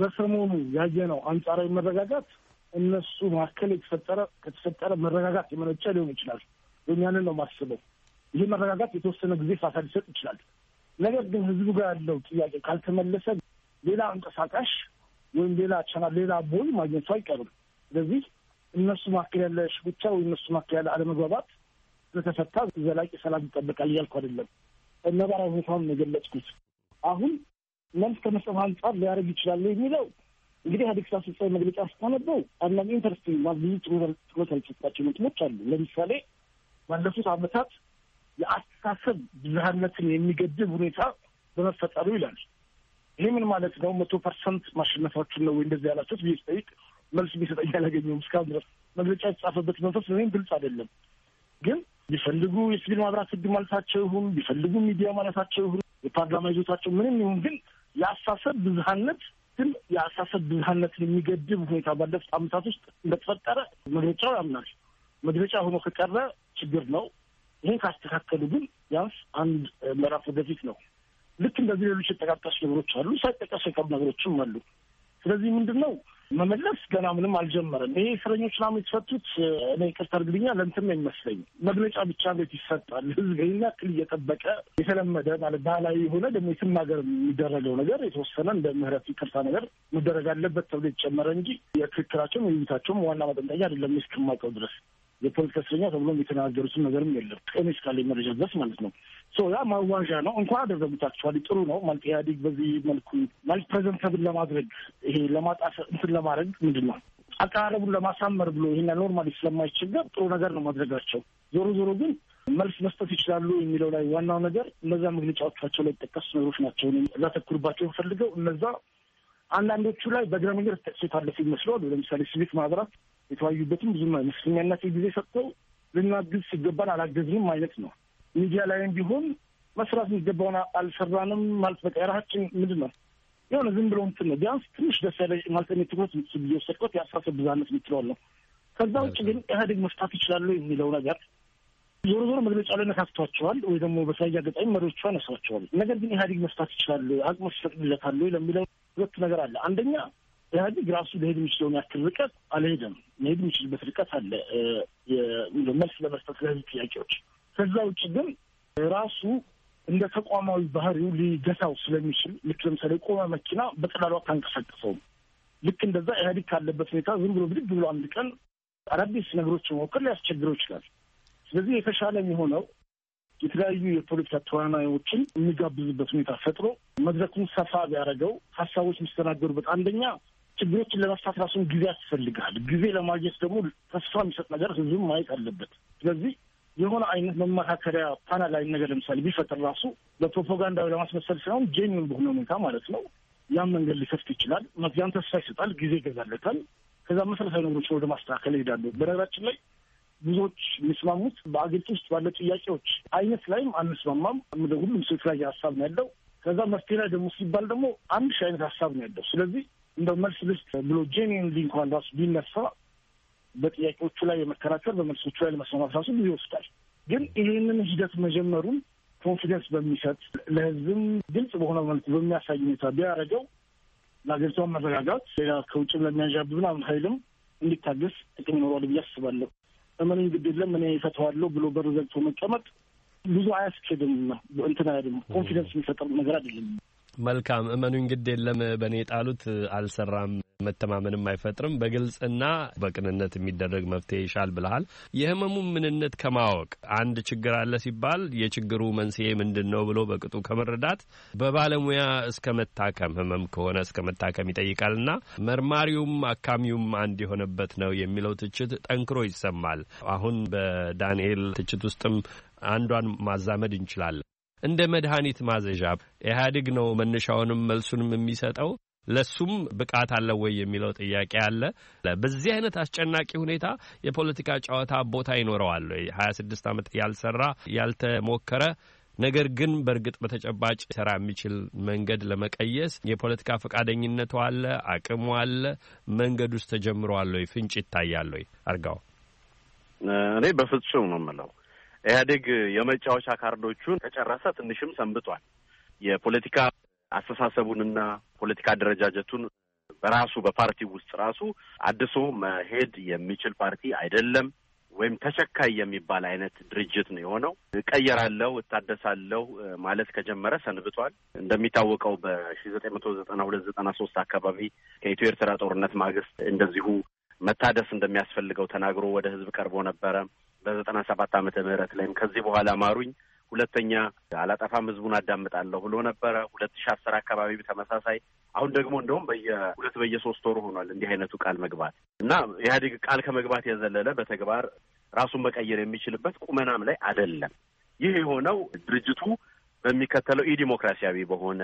በሰሞኑ ያየነው አንጻራዊ መረጋጋት እነሱ መካከል የተፈጠረ ከተፈጠረ መረጋጋት የመነጨ ሊሆን ይችላል። ወይም ያንን ነው የማስበው። ይህ መረጋጋት የተወሰነ ጊዜ ፋታ ሊሰጥ ይችላል። ነገር ግን ህዝቡ ጋር ያለው ጥያቄ ካልተመለሰ ሌላ አንቀሳቃሽ ወይም ሌላ ቻና ሌላ ቦይ ማግኘቱ አይቀርም። ስለዚህ እነሱ መካከል ያለ ሽኩቻ ወይም እነሱ መካከል ያለ አለመግባባት ስለተፈታ ዘላቂ ሰላም ይጠበቃል እያልኩ አይደለም። ነባራዊ ሁኔታውን የገለጽኩት። አሁን መልስ ከመስጠት አንጻር ሊያደርግ ይችላል የሚለው እንግዲህ ኢህአዴግ ስራ አስፈጻሚ መግለጫ ስታነበው አንዳንድ ኢንተረስቲንግ ብዙ ትኩረት ያልተሰጣቸው ነጥቦች አሉ። ለምሳሌ ባለፉት አመታት የአስተሳሰብ ብዝሃነትን የሚገድብ ሁኔታ በመፈጠሩ ይላል። ይህ ምን ማለት ነው? መቶ ፐርሰንት ማሸነፋችን ነው ወይ እንደዚህ ያላችሁት ብዬ ስጠይቅ መልስ የሚሰጠኝ አላገኘሁም እስካሁን ድረስ። መግለጫ የተጻፈበት መንፈስ ወይም ግልጽ አይደለም። ግን ቢፈልጉ የሲቪል ማብራት ህግ ማለታቸው ይሁን ቢፈልጉ ሚዲያ ማለታቸው ይሁን የፓርላማ ይዞታቸው ምንም ይሁን ግን የአስተሳሰብ ብዝሃነት ግን የአስተሳሰብ ብዝሃነትን የሚገድብ ሁኔታ ባለፉት አመታት ውስጥ እንደተፈጠረ መግለጫው ያምናል። መግለጫ ሆኖ ከቀረ ችግር ነው። ይሄ ካስተካከሉ ግን ቢያንስ አንድ ምዕራፍ ወደፊት ነው። ልክ እንደዚህ ሌሎች የጠቃቀሱ ነገሮች አሉ፣ ሳይጠቀሱ የቀሩ ነገሮችም አሉ። ስለዚህ ምንድን ነው መመለስ ገና ምንም አልጀመረም። ይሄ እስረኞች ናም የተፈቱት እኔ ይቅርታ እርግልኛ ለእንትን ነው ይመስለኝ መግለጫ ብቻ እንዴት ይሰጣል? ህዝብ ይህን ያክል እየጠበቀ የተለመደ ማለት ባህላዊ የሆነ ደግሞ የትም ሀገር የሚደረገው ነገር የተወሰነ እንደ ምህረት ይቅርታ ነገር መደረግ አለበት ተብሎ የተጨመረ እንጂ የክርክራቸውም የውይይታቸውም ዋና መጠንጠኛ አይደለም እስከማውቀው ድረስ የፖለቲካ እስረኛ ተብሎ የተናገሩትን ነገርም የለም ቀን እስካለ መረጃ ድረስ ማለት ነው። ያ ማዋዣ ነው። እንኳን አደረጉት። አክቹዋሊ ጥሩ ነው ማለት ኢህአዴግ በዚህ መልኩ ማለት ፕሬዘንተብል ለማድረግ ይሄ ለማጣፈ እንትን ለማድረግ ምንድን ነው አቀራረቡን ለማሳመር ብሎ ይህን ኖርማሊ ስለማይቸገር ጥሩ ነገር ነው ማድረጋቸው። ዞሮ ዞሮ ግን መልስ መስጠት ይችላሉ የሚለው ላይ ዋናው ነገር እነዛ መግለጫዎቻቸው ላይ ጠቀሱ ነገሮች ናቸው ላተኩርባቸው የምፈልገው እነዛ አንዳንዶቹ ላይ በእግረ መንገድ ተጠቅሶ የታለፈ ይመስለዋል። ለምሳሌ ሲቪክ ማህበራት የተወያዩበትም ብዙ አይመስለኝ ያናቸው ጊዜ ሰጥተው ልናግዝ ሲገባን አላገዝንም አይነት ነው። ሚዲያ ላይም ቢሆን መስራት የሚገባውን አልሰራንም ማለት በቃ የራሳችን ምንድን ነው የሆነ ዝም ብሎ እንትን ነው። ቢያንስ ትንሽ ደስ ያለ ማለት እኔ ትኩረት ጊዜ ወሰድኩት የአስተሳሰብ ብዝሃነት የምትለዋል ነው። ከዛ ውጭ ግን ኢህአዴግ መፍታት ይችላሉ የሚለው ነገር ዞሮ ዞሮ መግለጫ ላይ ነካክቷቸዋል ወይ ደግሞ በተለያየ አጋጣሚ መሪዎቹ ያነሷቸዋል። ነገር ግን ኢህአዴግ መፍታት ይችላሉ አቅሞ ሲፈቅድለታሉ ለሚለው ሁለቱ ነገር አለ። አንደኛ ኢህአዲግ ራሱ ሊሄድ የሚችለውን ያክል ርቀት አልሄደም። ሊሄድ የሚችልበት ርቀት አለ መልስ ለመስጠት ለህዝብ ጥያቄዎች። ከዛ ውጭ ግን ራሱ እንደ ተቋማዊ ባህሪው ሊገታው ስለሚችል ልክ ለምሳሌ የቆመ መኪና በቀላሉ አታንቀሳቀሰውም። ልክ እንደዛ ኢህአዲግ ካለበት ሁኔታ ዝም ብሎ ብድግ ብሎ አንድ ቀን አዳዲስ ነገሮችን መሞከር ሊያስቸግረው ይችላል። ስለዚህ የተሻለ የሚሆነው የተለያዩ የፖለቲካ ተዋናዮችን የሚጋብዙበት ሁኔታ ፈጥሮ መድረኩን ሰፋ ቢያደርገው ሀሳቦች የሚስተናገዱበት አንደኛ ችግሮችን ለመፍታት ራሱን ጊዜ ያስፈልጋል። ጊዜ ለማግኘት ደግሞ ተስፋ የሚሰጥ ነገር ህዝብም ማየት አለበት። ስለዚህ የሆነ አይነት መመካከሪያ ፓናል አይነት ነገር ለምሳሌ ቢፈጥር ራሱ በፕሮፓጋንዳ ለማስመሰል ሳይሆን ጄኒን በሆነ ሁኔታ ማለት ነው ያን መንገድ ሊከፍት ይችላል። መዚያን ተስፋ ይሰጣል፣ ጊዜ ይገዛለታል። ከዛ መሰረታዊ ነገሮች ወደ ማስተካከል ይሄዳሉ። በነገራችን ላይ ብዙዎች የሚስማሙት በአገሪቱ ውስጥ ባለ ጥያቄዎች አይነት ላይም አንስማማም። ሁሉም ሰው የተለያየ ሀሳብ ነው ያለው። ከዛ መፍትሄ ላይ ደግሞ ሲባል ደግሞ አንድ ሺህ አይነት ሀሳብ ነው ያለው። ስለዚህ እንደ መልስ ልስጥ ብሎ ጄኒንሊ እንኳን ራሱ ቢነሳ በጥያቄዎቹ ላይ የመከራከር በመልሶቹ ላይ ለመስማማት ራሱ ብዙ ይወስዳል። ግን ይህንን ሂደት መጀመሩን ኮንፊደንስ በሚሰጥ ለህዝብም ግልጽ በሆነ መልኩ በሚያሳይ ሁኔታ ቢያደረገው ለሀገሪቷን መረጋጋት ሌላ ከውጭም ለሚያንዣብ ምናምን ሀይልም እንዲታገስ ጥቅም ይኖረዋል ብዬ አስባለሁ። እመኔን ግድ የለም እኔ ይፈተዋለሁ ብሎ በር ዘግቶ መቀመጥ ብዙ አያስኬድም። እንትን አያድም ኮንፊደንስ የሚፈጥር ነገር አይደለም።
መልካም እመኑኝ፣ ግድ የለም በእኔ ጣሉት አልሰራም፣ መተማመንም አይፈጥርም። በግልጽና በቅንነት የሚደረግ መፍትሄ ይሻል ብልሃል። የህመሙን ምንነት ከማወቅ አንድ ችግር አለ ሲባል የችግሩ መንስኤ ምንድን ነው ብሎ በቅጡ ከመረዳት በባለሙያ እስከ መታከም ህመም ከሆነ እስከ መታከም ይጠይቃልና መርማሪውም አካሚውም አንድ የሆነበት ነው የሚለው ትችት ጠንክሮ ይሰማል። አሁን በዳንኤል ትችት ውስጥም አንዷን ማዛመድ እንችላለን። እንደ መድኃኒት ማዘዣ ኢህአዴግ ነው መነሻውንም መልሱንም የሚሰጠው። ለሱም ብቃት አለ ወይ የሚለው ጥያቄ አለ። በዚህ አይነት አስጨናቂ ሁኔታ የፖለቲካ ጨዋታ ቦታ ይኖረዋል ወይ? ሀያ ስድስት ዓመት ያልሰራ ያልተሞከረ ነገር ግን በእርግጥ በተጨባጭ ሰራ የሚችል መንገድ ለመቀየስ የፖለቲካ ፈቃደኝነቱ አለ፣ አቅሙ አለ፣ መንገድ ውስጥ ተጀምሯል ወይ? ፍንጭ ይታያል ወይ? አርጋው
እኔ በፍጹም ነው የምለው ኢህአዴግ የመጫወቻ ካርዶቹን ከጨረሰ ትንሽም ሰንብቷል። የፖለቲካ አስተሳሰቡንና ፖለቲካ አደረጃጀቱን በራሱ በፓርቲ ውስጥ ራሱ አድሶ መሄድ የሚችል ፓርቲ አይደለም። ወይም ተቸካይ የሚባል አይነት ድርጅት ነው የሆነው። እቀየራለሁ፣ እታደሳለሁ ማለት ከጀመረ ሰንብቷል። እንደሚታወቀው በሺ ዘጠኝ መቶ ዘጠና ሁለት ዘጠና ሶስት አካባቢ ከኢትዮ ኤርትራ ጦርነት ማግስት እንደዚሁ መታደስ እንደሚያስፈልገው ተናግሮ ወደ ህዝብ ቀርቦ ነበረ። በዘጠና ሰባት ዓመተ ምህረት ላይም ከዚህ በኋላ ማሩኝ ሁለተኛ አላጠፋም ህዝቡን አዳምጣለሁ ብሎ ነበረ። ሁለት ሺ አስር አካባቢ ተመሳሳይ። አሁን ደግሞ እንደውም በየሁለት በየሶስት ወሩ ሆኗል እንዲህ አይነቱ ቃል መግባት እና ኢህአዴግ ቃል ከመግባት የዘለለ በተግባር ራሱን መቀየር የሚችልበት ቁመናም ላይ አይደለም። ይህ የሆነው ድርጅቱ በሚከተለው ኢዲሞክራሲያዊ በሆነ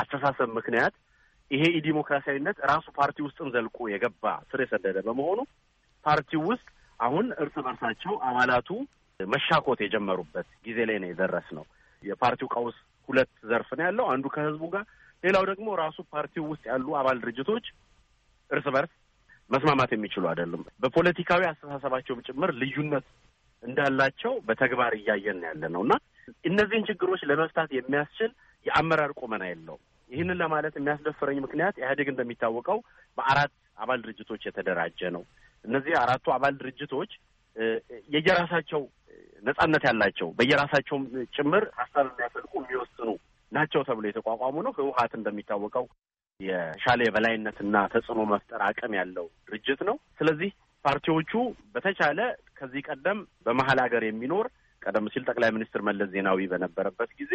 አስተሳሰብ ምክንያት ይሄ ኢዲሞክራሲያዊነት ራሱ ፓርቲ ውስጥም ዘልቆ የገባ ስር የሰደደ በመሆኑ ፓርቲ ውስጥ አሁን እርስ በርሳቸው አባላቱ መሻኮት የጀመሩበት ጊዜ ላይ ነው የደረስ ነው። የፓርቲው ቀውስ ሁለት ዘርፍ ነው ያለው። አንዱ ከህዝቡ ጋር፣ ሌላው ደግሞ ራሱ ፓርቲው ውስጥ ያሉ አባል ድርጅቶች እርስ በርስ መስማማት የሚችሉ አይደሉም። በፖለቲካዊ አስተሳሰባቸውም ጭምር ልዩነት እንዳላቸው በተግባር እያየን ያለ ነው እና እነዚህን ችግሮች ለመፍታት የሚያስችል የአመራር ቁመና የለውም። ይህንን ለማለት የሚያስደፍረኝ ምክንያት ኢህአዴግ እንደሚታወቀው በአራት አባል ድርጅቶች የተደራጀ ነው። እነዚህ አራቱ አባል ድርጅቶች የየራሳቸው ነጻነት ያላቸው በየራሳቸውም ጭምር ሀሳብ የሚያፈልቁ የሚወስኑ ናቸው ተብሎ የተቋቋሙ ነው። ህወሀት እንደሚታወቀው የሻለ የበላይነትና ተጽዕኖ መፍጠር አቅም ያለው ድርጅት ነው። ስለዚህ ፓርቲዎቹ በተቻለ ከዚህ ቀደም በመሀል ሀገር የሚኖር ቀደም ሲል ጠቅላይ ሚኒስትር መለስ ዜናዊ በነበረበት ጊዜ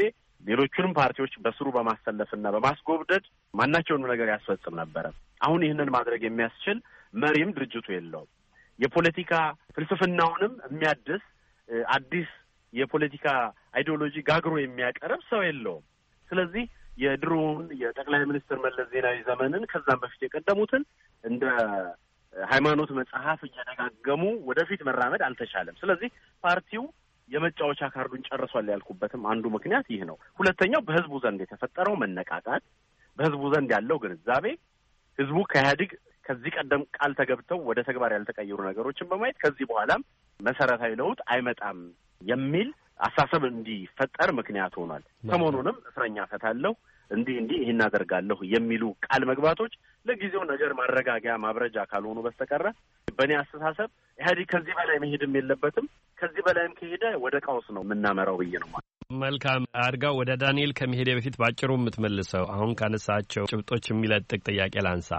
ሌሎቹንም ፓርቲዎች በስሩ በማሰለፍና በማስጎብደድ ማናቸውንም ነገር ያስፈጽም ነበረ። አሁን ይህንን ማድረግ የሚያስችል መሪም ድርጅቱ የለውም። የፖለቲካ ፍልስፍናውንም የሚያድስ አዲስ የፖለቲካ አይዲዮሎጂ ጋግሮ የሚያቀርብ ሰው የለውም። ስለዚህ የድሮውን የጠቅላይ ሚኒስትር መለስ ዜናዊ ዘመንን ከዛም በፊት የቀደሙትን እንደ ሃይማኖት መጽሐፍ እየደጋገሙ ወደፊት መራመድ አልተቻለም። ስለዚህ ፓርቲው የመጫወቻ ካርዱን ጨርሷል ያልኩበትም አንዱ ምክንያት ይህ ነው። ሁለተኛው በህዝቡ ዘንድ የተፈጠረው መነቃቃት፣ በህዝቡ ዘንድ ያለው ግንዛቤ ህዝቡ ከኢህአዴግ ከዚህ ቀደም ቃል ተገብተው ወደ ተግባር ያልተቀየሩ ነገሮችን በማየት ከዚህ በኋላም መሰረታዊ ለውጥ አይመጣም የሚል አሳሰብ እንዲፈጠር ምክንያት ሆኗል። ሰሞኑንም እስረኛ ፈታለሁ፣ እንዲህ እንዲህ ይህን አደርጋለሁ የሚሉ ቃል መግባቶች ለጊዜው ነገር ማረጋጊያ ማብረጃ ካልሆኑ በስተቀረ በእኔ አስተሳሰብ ኢህአዴግ ከዚህ በላይ መሄድም የለበትም። ከዚህ በላይም ከሄደ ወደ ቀውስ ነው የምናመራው ብዬ ነው
መልካም አድጋው፣ ወደ ዳንኤል ከመሄድ በፊት ባጭሩ የምትመልሰው አሁን ካነሳቸው ጭብጦች የሚለጥቅ ጥያቄ ላንሳ።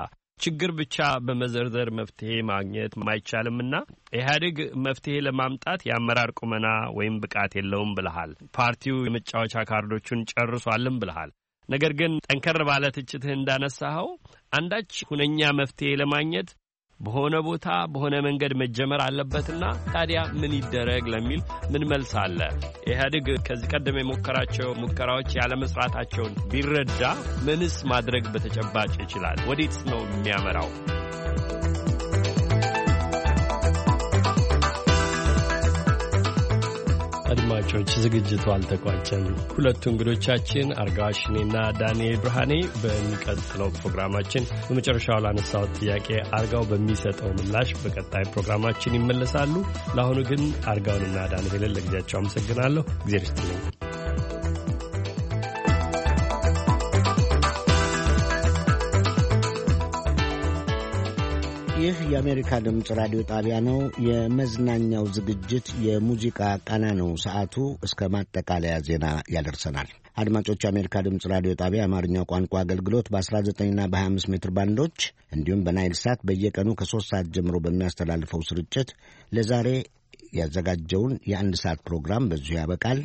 ችግር ብቻ በመዘርዘር መፍትሄ ማግኘት አይቻልምና ኢህአዴግ መፍትሄ ለማምጣት የአመራር ቁመና ወይም ብቃት የለውም ብልሃል። ፓርቲው የመጫወቻ ካርዶቹን ጨርሷልም ብልሃል። ነገር ግን ጠንከር ባለ ትችትህ እንዳነሳኸው አንዳች ሁነኛ መፍትሄ ለማግኘት በሆነ ቦታ በሆነ መንገድ መጀመር አለበትና ታዲያ ምን ይደረግ ለሚል ምን መልስ አለ? ኢህአዴግ ከዚህ ቀደም የሞከራቸው ሙከራዎች ያለመስራታቸውን ቢረዳ ምንስ ማድረግ በተጨባጭ ይችላል? ወዴትስ ነው የሚያመራው? አድማጮች ዝግጅቱ አልተቋጨም። ሁለቱ እንግዶቻችን አርጋዋሽኔና ዳንኤል ብርሃኔ በሚቀጥለው ፕሮግራማችን በመጨረሻው ላነሳሁት ጥያቄ አርጋው በሚሰጠው ምላሽ በቀጣይ ፕሮግራማችን ይመለሳሉ። ለአሁኑ ግን አርጋውንና ዳንኤልን ለጊዜያቸው አመሰግናለሁ።
እግዜር ይስጥልኝ። ይህ የአሜሪካ ድምፅ ራዲዮ ጣቢያ ነው። የመዝናኛው ዝግጅት የሙዚቃ ቃና ነው። ሰዓቱ እስከ ማጠቃለያ ዜና ያደርሰናል። አድማጮች የአሜሪካ ድምፅ ራዲዮ ጣቢያ የአማርኛው ቋንቋ አገልግሎት በ19ና በ25 ሜትር ባንዶች እንዲሁም በናይል ሳት በየቀኑ ከሶስት ሰዓት ጀምሮ በሚያስተላልፈው ስርጭት ለዛሬ ያዘጋጀውን የአንድ ሰዓት ፕሮግራም በዚሁ ያበቃል።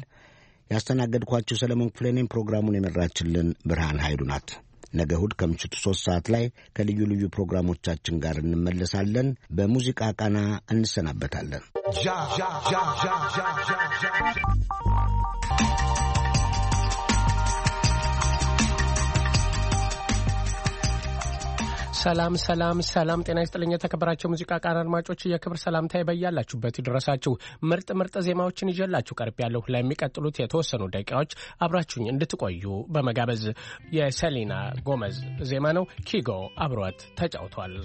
ያስተናገድኳችሁ ሰለሞን ክፍሌ ነኝ። ፕሮግራሙን የመራችልን ብርሃን ኃይሉ ናት። ነገ እሁድ ከምሽቱ ሦስት ሰዓት ላይ ከልዩ ልዩ ፕሮግራሞቻችን ጋር እንመለሳለን። በሙዚቃ ቃና እንሰናበታለን።
ሰላም ሰላም ሰላም፣ ጤና ይስጥልኝ የተከበራቸው ሙዚቃ ቃና አድማጮች የክብር ሰላምታ ይበያላችሁበት ይድረሳችሁ። ምርጥ ምርጥ ዜማዎችን ይዤላችሁ ቀርቤያለሁ። ለሚቀጥሉት የተወሰኑ ደቂቃዎች አብራችሁኝ እንድትቆዩ በመጋበዝ የሰሊና ጎመዝ ዜማ ነው። ኪጎ አብሯት ተጫውቷል።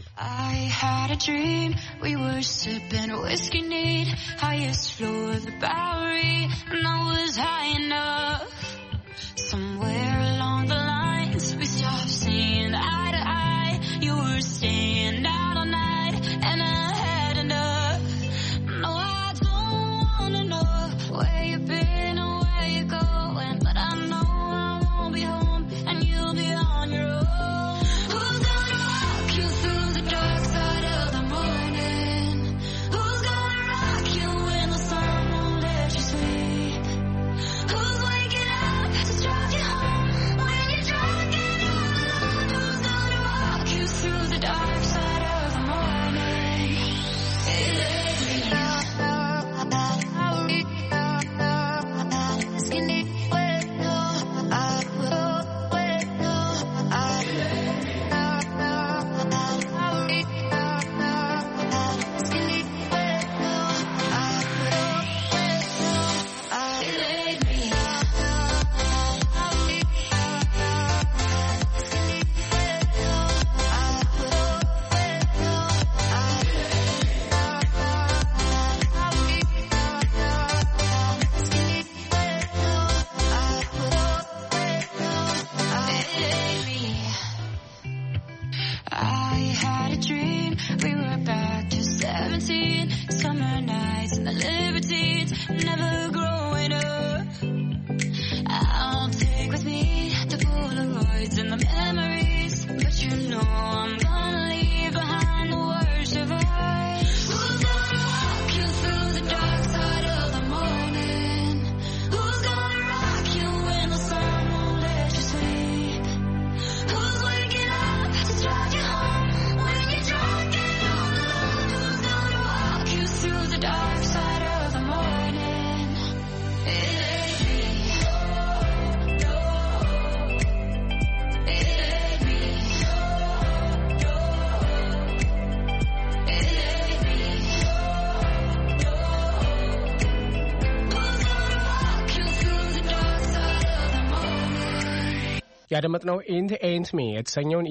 ያደመጥነው ኢንት ኤንት ሚ የተሰኘውን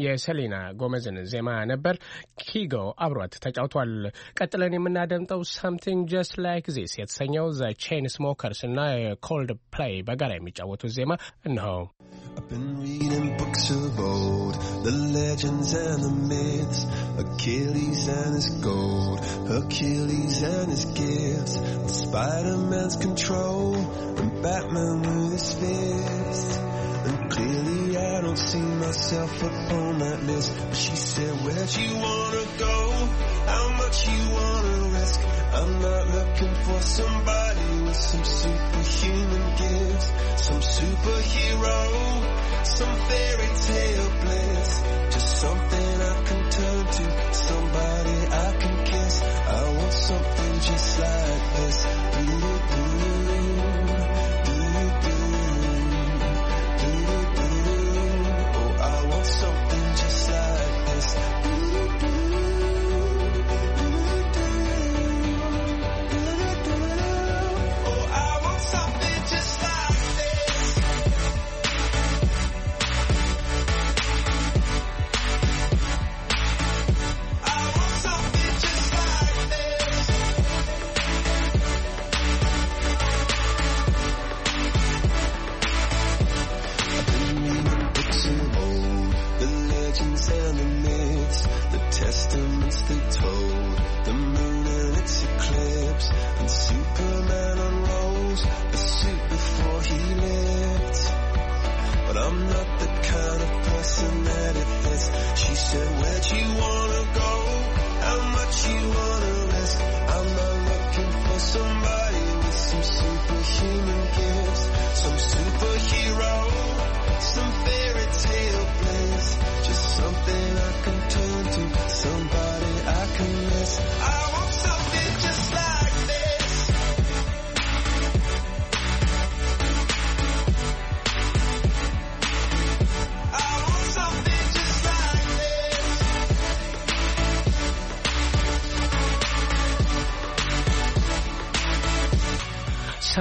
ጎመዝን ዜማ ነበር። ኪጎ አብሯት ተጫውቷል። ቀጥለን የምናደምጠው ሳምቲንግ ጀስት ላይክ ዚስ የተሰኘው ዘ ቼን ስሞከርስ እና ኮልድ ፕላይ በጋራ የሚጫወቱት ዜማ እንሆ። I've
been reading books of old, the legends and the myths, Achilles and his gold, Hercules and his gifts, Spider-Man's control, and Batman with his fist, and clearly I don't see myself upon that list. But she said, where'd you wanna go? How much you wanna risk? I'm not looking for somebody with some superhuman gifts, some superhero, some fairy tale bliss, just something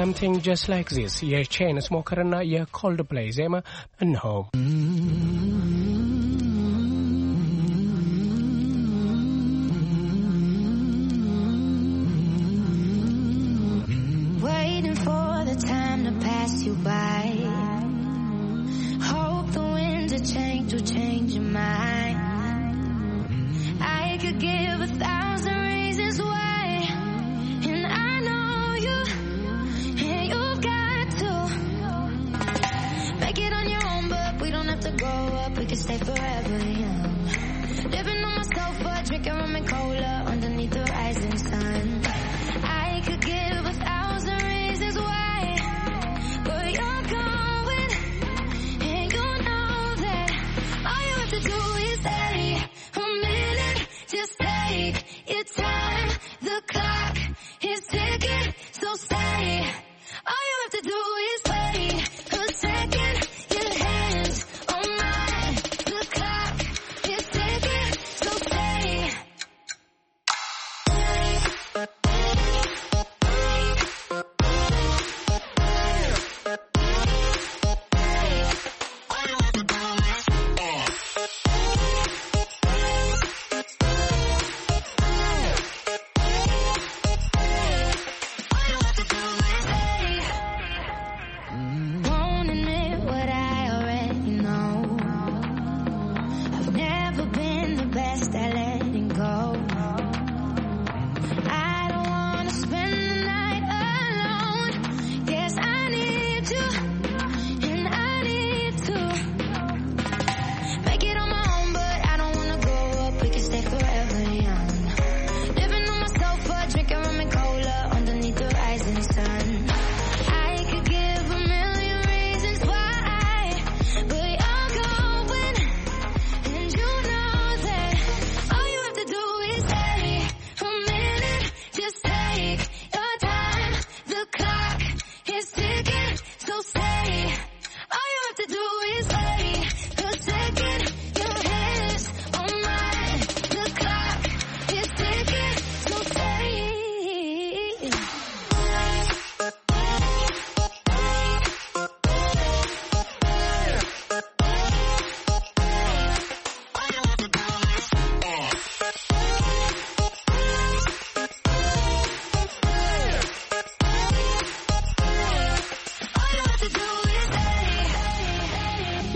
something just like this የቼን ስሞከርና የኮልድ ፕሌይ ዜማ no.
clock is ticking so stay. All you have to do is wait.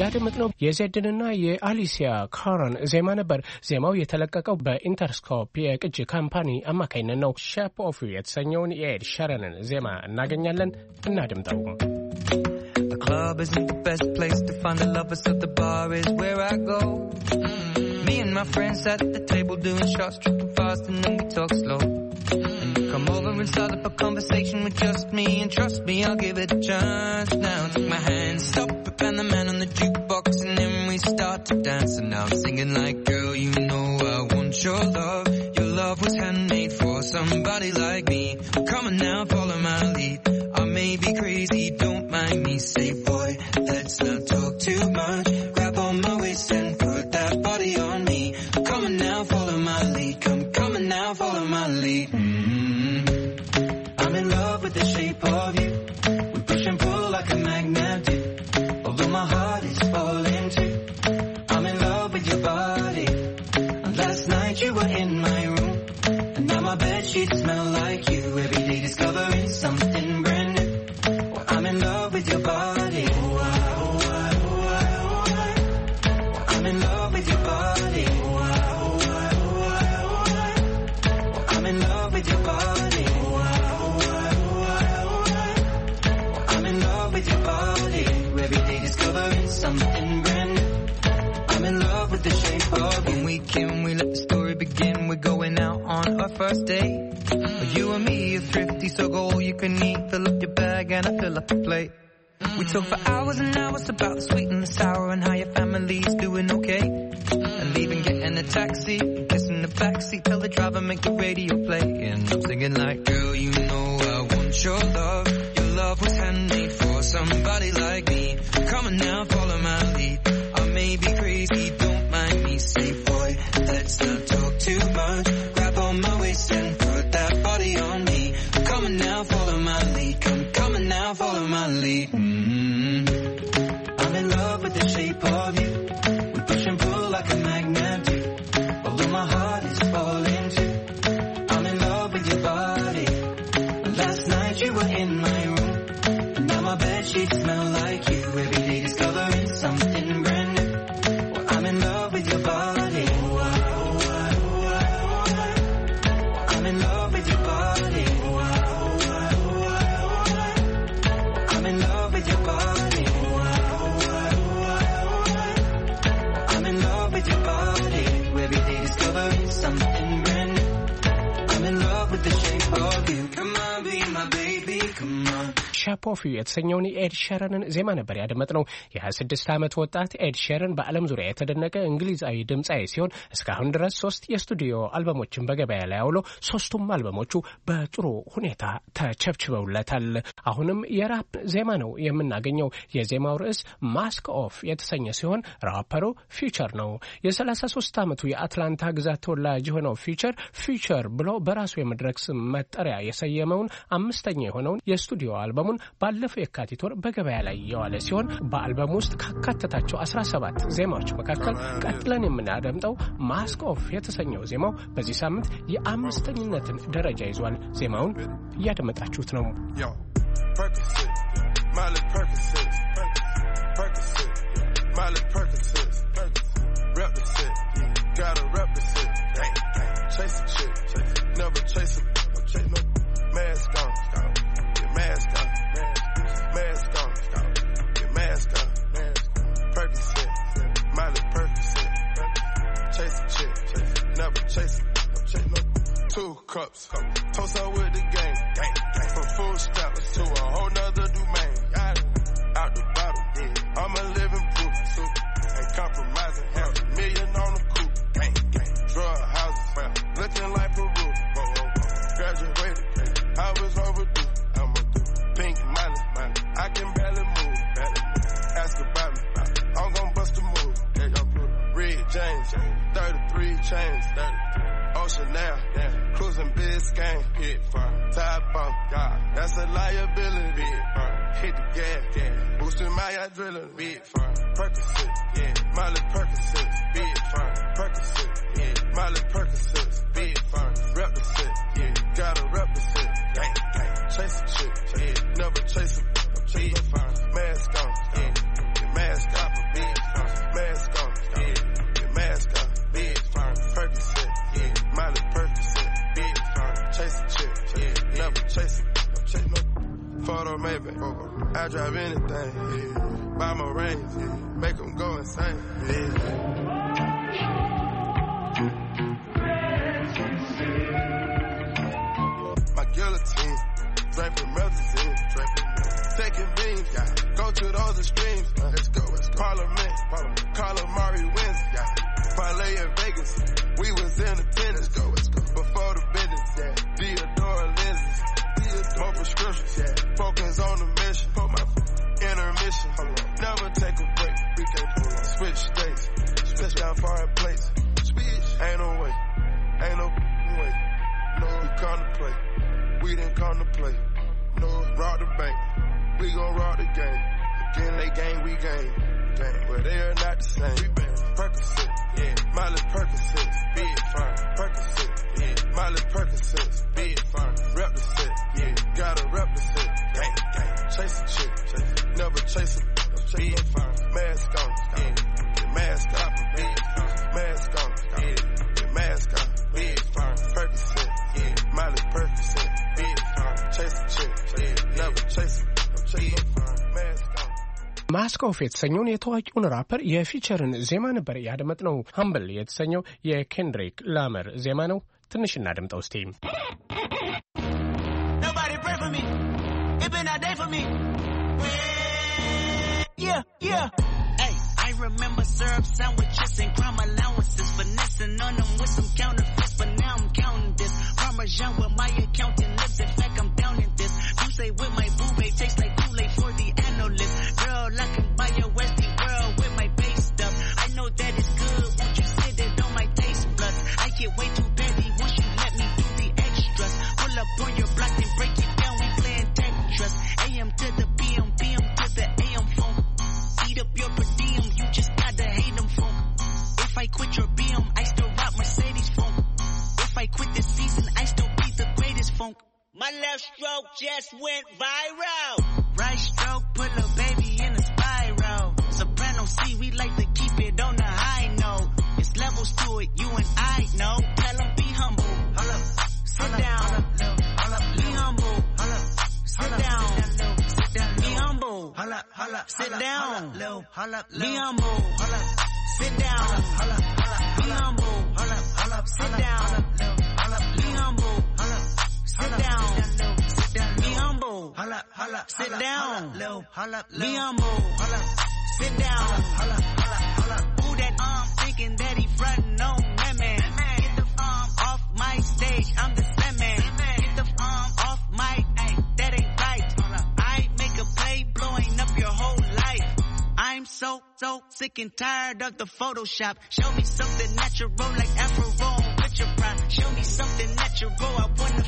ያደመጥነው የዜድንና የአሊሲያ ካራን ዜማ ነበር። ዜማው የተለቀቀው በኢንተርስኮፕ የቅጅ ካምፓኒ አማካኝነት ነው። ሼፕ ኦፍ ዩ የተሰኘውን የኤድ ሸረንን ዜማ እናገኛለን። እናድምጠው።
Club isn't the best place to find the lovers, so the bar is where I go. Me and my friends at the table doing shots, tripping fast, and then we talk
slow. Come over and start up a conversation with just me, and trust me, I'll give it a chance. Now take my hand, stop it, and the
man on the jukebox, and then we start to dance. And now I'm singing like, girl, you know I want your love. Your love was handmade for somebody like me. Come on now, follow my lead. I may be crazy, don't mind me. Say, boy, let's not talk too much. Grab on my waist and put that body on me. Come on now, follow my lead. Come, come on now, follow my lead of you. We push and pull like a magnet do. Although my heart is falling too. I'm in love with your body. And last night you were in my room. And now my bed sheets smell like you. Every day discovering something brand new. Well, I'm in love with your body. our first date. You and me are thrifty, so go all you can eat. Fill up your bag and I fill up the plate. We talk for hours and hours about the sweet and the sour and how your family's doing okay. And even getting a taxi, kissing the backseat, tell the driver make the radio play. And I'm singing like, girl, you know I want your love. Your love was handmade
ሸፕ ኦፍ ዩ የተሰኘውን የኤድ ሸረንን ዜማ ነበር ያደመጥነው። የ26 ዓመት ወጣት ኤድ ሸረን በዓለም ዙሪያ የተደነቀ እንግሊዛዊ ድምፃዊ ሲሆን እስካሁን ድረስ ሶስት የስቱዲዮ አልበሞችን በገበያ ላይ አውሎ ሶስቱም አልበሞቹ በጥሩ ሁኔታ ተቸብችበውለታል። አሁንም የራፕ ዜማ ነው የምናገኘው። የዜማው ርዕስ ማስክ ኦፍ የተሰኘ ሲሆን ራፐሩ ፊውቸር ነው። የ33 ዓመቱ የአትላንታ ግዛት ተወላጅ የሆነው ፊውቸር ፊቸር ብሎ በራሱ የመድረክ ስም መጠሪያ የሰየመውን አምስተኛ የሆነውን የስቱዲዮ አልበሙን ባለፈው የካቲት ወር በገበያ ላይ የዋለ ሲሆን በአልበም ውስጥ ካካተታቸው 17 ዜማዎች መካከል ቀጥለን የምናደምጠው ማስክ ኦፍ የተሰኘው ዜማው በዚህ ሳምንት የአምስተኝነትን ደረጃ ይዟል። ዜማውን እያደመጣችሁት ነው።
Chase a chick, never chase a mask on. chasing, two cups. Toast out with the L.A. and Vegas. We was in the tennis. Go, go. Before the business, yeah. Theodore lenses. More prescriptions, yeah. Focus on the mission. Put my intermission. Never take a break. We can't pull on. Switch states. Switch down foreign plates. Switch. Ain't no way. Ain't no way. No, we come to play, We didn't come to play. No, rock the bank. We gon' rock the game. Again, they game, we game. Well, they are not the same. Percocet, yeah. Miley Percocet, big fine. Percocet, yeah. Miley Percocet, big fine. Represent, yeah. Gotta represent. Gang, gang. Chase a chick, chase. never chase a big fine. Mask on, yeah. The mask off, big fine. Mask on, yeah. The mask off, big fine. Percocet, yeah. Miley Percocet, big fine. Chase a chick, yeah. never chase a big
fine. ማስክ ኦፍ የተሰኘውን የታዋቂውን ራፐር የፊቸርን ዜማ ነበር ያደመጥነው። ሀምብል የተሰኘው የኬንድሪክ ላመር ዜማ ነው። ትንሽ እናድምጠው እስቲ።
Remember syrup sandwiches and crime allowances, finessing on them with some counterfeits. But now I'm counting this Parmesan with my accountant lips. In fact, I'm down in this. You say with my boo, tastes like. My left stroke just went viral. Right stroke put a baby in a spiral. Soprano C, we like to keep it on the high note. It's levels to it, you and I know. Tell them be humble. Hold up. Sit hold down. Up, hold up, hold up, be humble. Hold up. Sit down. Sit down. Be humble. Hold up, hold up. Sit down. Hold up, be humble. Hold up. Sit down. Hold up, hold up. Be humble. Hold up, Sit down. Sit down. Be humble. Sit down. Be humble. Sit down. Who that arm thinking that he frontin' on that man? Get the arm off my stage. I'm the slam man. Get the arm off my ay, that ain't right. I make a play blowing up your whole life. I'm so, so sick and tired of the Photoshop. Show me something natural like Afro on Show me something natural. I wanna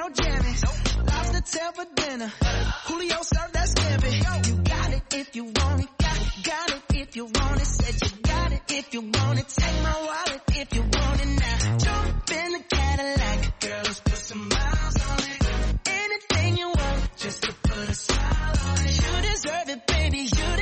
no jammies. Nope. Lobster tail for dinner. Julio served that scampi. You got it if you want it. Got, got it if you want it. Said you got it if you want it. Take my wallet if you want it now. Jump in the Cadillac. Girl, let's put some miles on it. Anything you want, just to put a smile on it. You deserve it, baby. You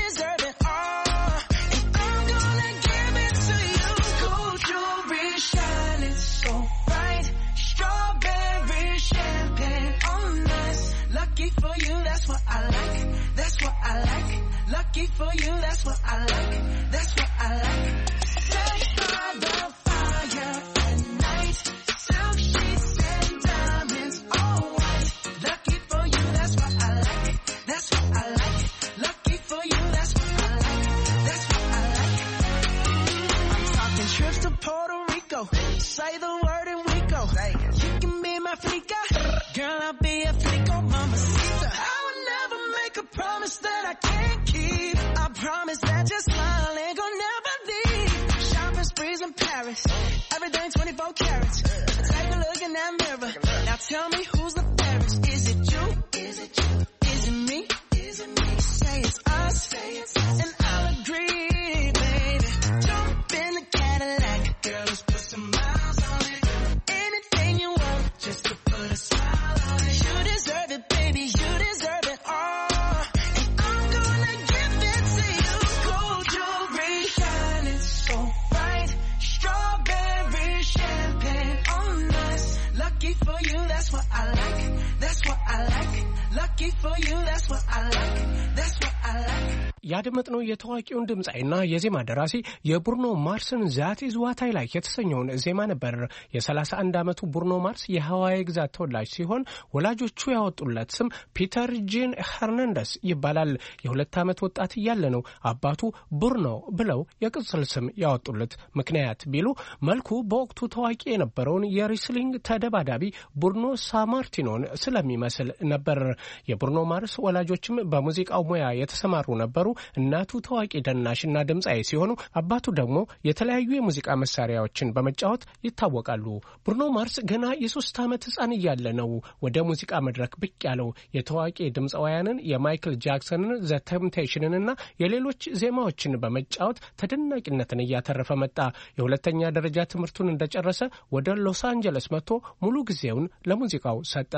I like. Lucky for you, that's what I like. That's what I like. by the
fire
at night. Silk sheets and diamonds, all white. Lucky for you, that's what I like. That's what I like. Lucky for you, that's what I like. That's what I like. I'm talking trips to Puerto Rico. Say the carrots. Take a look in that mirror. Now tell me who's the fairest. Is it you? Is it you? Is it me? Is it me? Say it's us. Say it's us.
ያደመጥነው የታዋቂውን ድምፃዊና የዜማ ደራሲ የቡርኖ ማርስን ዛቲዝ ዋታይ ላይ የተሰኘውን ዜማ ነበር። የ31 ዓመቱ ቡርኖ ማርስ የሀዋይ ግዛት ተወላጅ ሲሆን ወላጆቹ ያወጡለት ስም ፒተር ጂን ሄርናንደስ ይባላል። የሁለት ዓመት ወጣት እያለ ነው አባቱ ቡርኖ ብለው የቅጽል ስም ያወጡለት። ምክንያት ቢሉ መልኩ በወቅቱ ታዋቂ የነበረውን የሪስሊንግ ተደባዳቢ ቡርኖ ሳማርቲኖን ስለሚመስል ነበር። የቡርኖ ማርስ ወላጆችም በሙዚቃው ሙያ የተሰማሩ ነበሩ። እናቱ ታዋቂ ደናሽና ድምፃዊ ሲሆኑ አባቱ ደግሞ የተለያዩ የሙዚቃ መሳሪያዎችን በመጫወት ይታወቃሉ። ብሩኖ ማርስ ገና የሶስት ዓመት ሕፃን እያለ ነው ወደ ሙዚቃ መድረክ ብቅ ያለው። የታዋቂ ድምፃውያንን የማይክል ጃክሰንን ዘ ቴምፕቴሽንንና የሌሎች ዜማዎችን በመጫወት ተደናቂነትን እያተረፈ መጣ። የሁለተኛ ደረጃ ትምህርቱን እንደጨረሰ ወደ ሎስ አንጀለስ መጥቶ ሙሉ ጊዜውን ለሙዚቃው ሰጠ።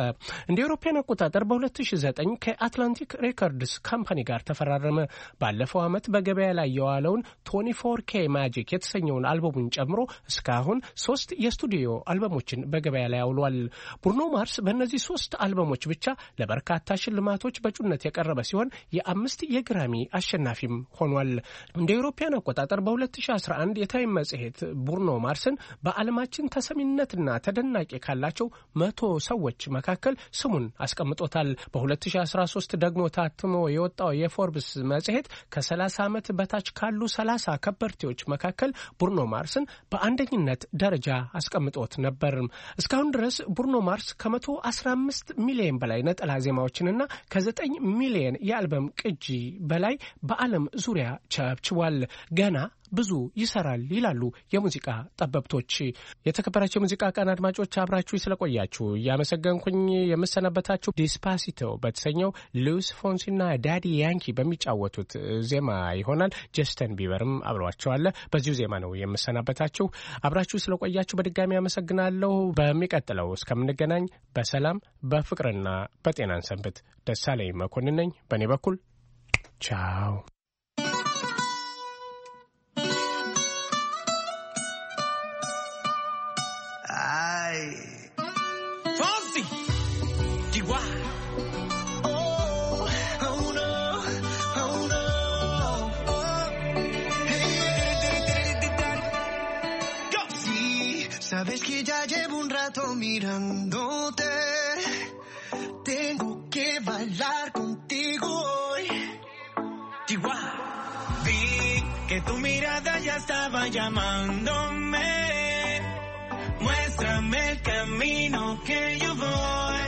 እንደ አውሮፓውያን አቆጣጠር በ2009 ከአትላንቲክ ሬከርድስ ካምፓኒ ጋር ተፈራረመ። ባለፈው ዓመት በገበያ ላይ የዋለውን ቶኒ ፎር ኬ ማጂክ የተሰኘውን አልበሙን ጨምሮ እስካሁን ሶስት የስቱዲዮ አልበሞችን በገበያ ላይ አውሏል። ቡርኖ ማርስ በእነዚህ ሶስት አልበሞች ብቻ ለበርካታ ሽልማቶች በእጩነት የቀረበ ሲሆን የአምስት የግራሚ አሸናፊም ሆኗል። እንደ አውሮፓውያን አቆጣጠር በ2011 የታይም መጽሔት ቡርኖ ማርስን በዓለማችን ተሰሚነትና ተደናቂ ካላቸው መቶ ሰዎች መካከል ስሙን አስቀምጦታል። በ2013 ደግሞ ታትሞ የወጣው የፎርብስ መጽሔት ከ30 ዓመት በታች ካሉ 30 ከበርቴዎች መካከል ቡርኖ ማርስን በአንደኝነት ደረጃ አስቀምጦት ነበር። እስካሁን ድረስ ቡርኖ ማርስ ከ115 ሚሊዮን በላይ ነጠላ ዜማዎችንና ከ9 ሚሊዮን የአልበም ቅጂ በላይ በዓለም ዙሪያ ቸብችቧል። ገና ብዙ ይሰራል ይላሉ የሙዚቃ ጠበብቶች። የተከበራቸው የሙዚቃ ቀን አድማጮች አብራችሁ ስለቆያችሁ እያመሰገንኩኝ የምሰነበታችሁ ዲስፓሲቶ በተሰኘው ሉዊስ ፎንሲና ዳዲ ያንኪ በሚጫወቱት ዜማ ይሆናል። ጀስተን ቢበርም አብሯቸዋለ። በዚሁ ዜማ ነው የምሰናበታችሁ። አብራችሁ ስለቆያችሁ በድጋሚ አመሰግናለሁ። በሚቀጥለው እስከምንገናኝ በሰላም በፍቅርና በጤናን ሰንብት። ደሳለኝ መኮንን ነኝ። በእኔ በኩል ቻው።
Ay. Fonsi. Chihuahua. Oh, oh, oh,
sabes que ya llevo un rato mirándote.
Tengo que bailar contigo hoy. Chihuahua. Vi que tu mirada ya estaba llamándome que yo voy.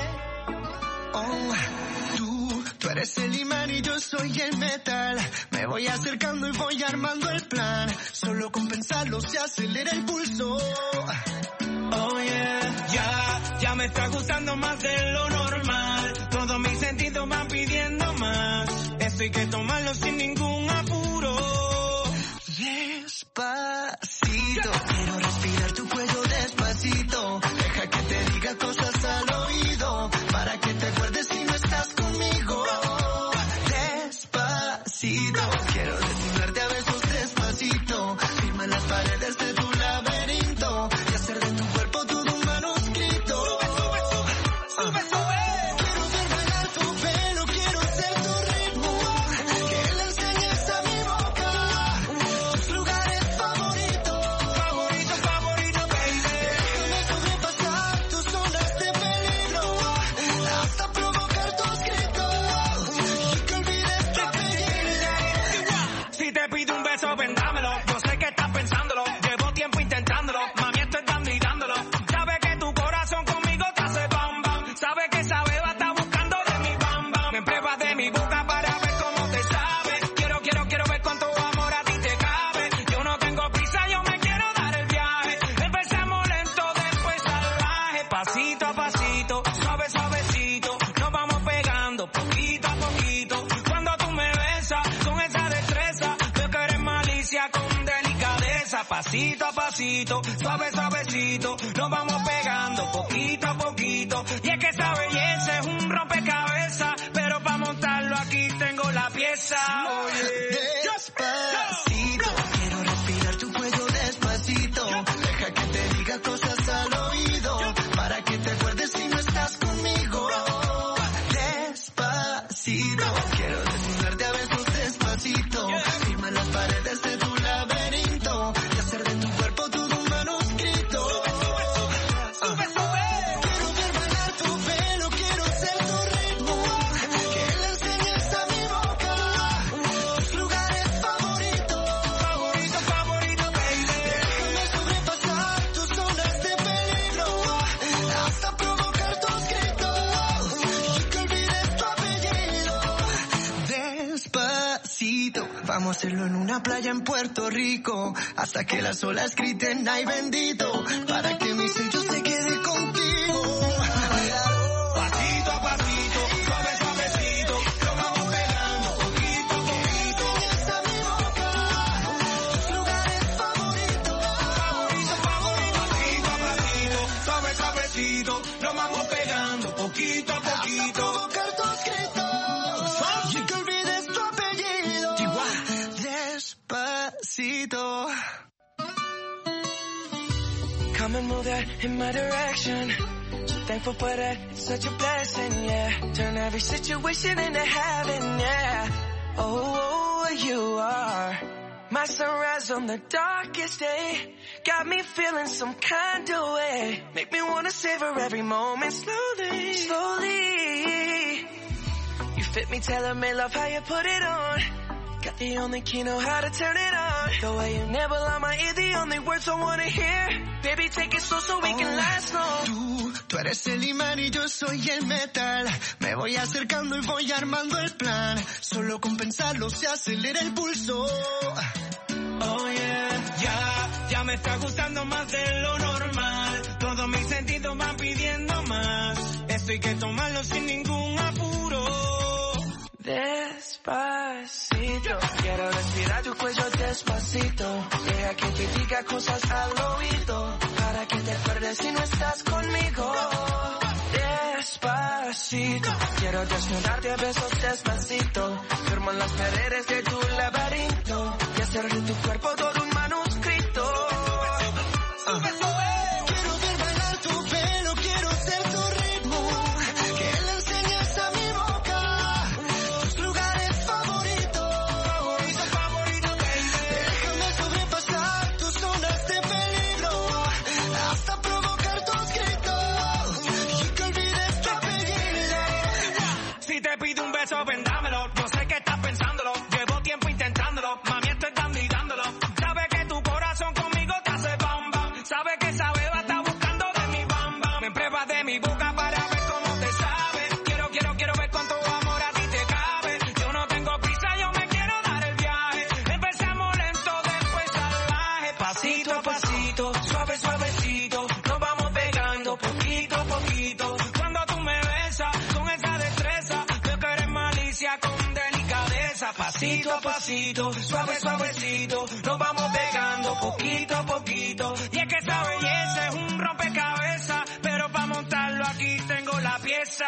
Oh, tú, tú eres el imán y yo soy el metal. Me voy acercando y voy armando el plan. Solo con pensarlo se acelera el pulso.
Oh yeah, ya, ya me está gustando más de lo normal. Todo mi sentido van pidiendo más. Esto hay que tomarlo sin ningún apuro. Despacito, Quiero cosas suave, suavecito, nos vamos pegando poquito a poquito. Y es que esta belleza es un rompecabezas, pero para montarlo aquí tengo la pieza.
en una playa en Puerto Rico, hasta que las olas griten ay bendito, para que mis sellos
that in my direction. So thankful for that, it's such a blessing, yeah. Turn every situation into heaven, yeah. Oh, oh, oh, you are my sunrise on the darkest day. Got me feeling some kind of way. Make me wanna savor every moment slowly, slowly. You fit me, tell me, love how you put it on. Got the only key, know how to turn it on. The way you never on my ear, I wanna hear. Baby, take it slow so we can oh, last Tú, tú eres el imán y yo soy el metal.
Me voy acercando y voy armando el plan. Solo con pensarlo se acelera el pulso.
Oh yeah, ya, ya me está gustando más de lo normal. Todos mis sentidos van pidiendo más. Esto hay que tomarlo sin ningún
apuro. Despacio. Quiero respirar tu cuello despacito. Deja que te diga cosas al oído. Para que te acuerdes si no estás conmigo. Despacito. Quiero desnudarte a besos despacito. Firmo en las paredes de tu laberinto. Y hacer de tu cuerpo todo un manuscrito. Ah.
Suavecito, suave, suavecito, nos vamos pegando poquito a poquito. Y es que esta belleza es un rompecabezas, pero para montarlo aquí tengo la pieza.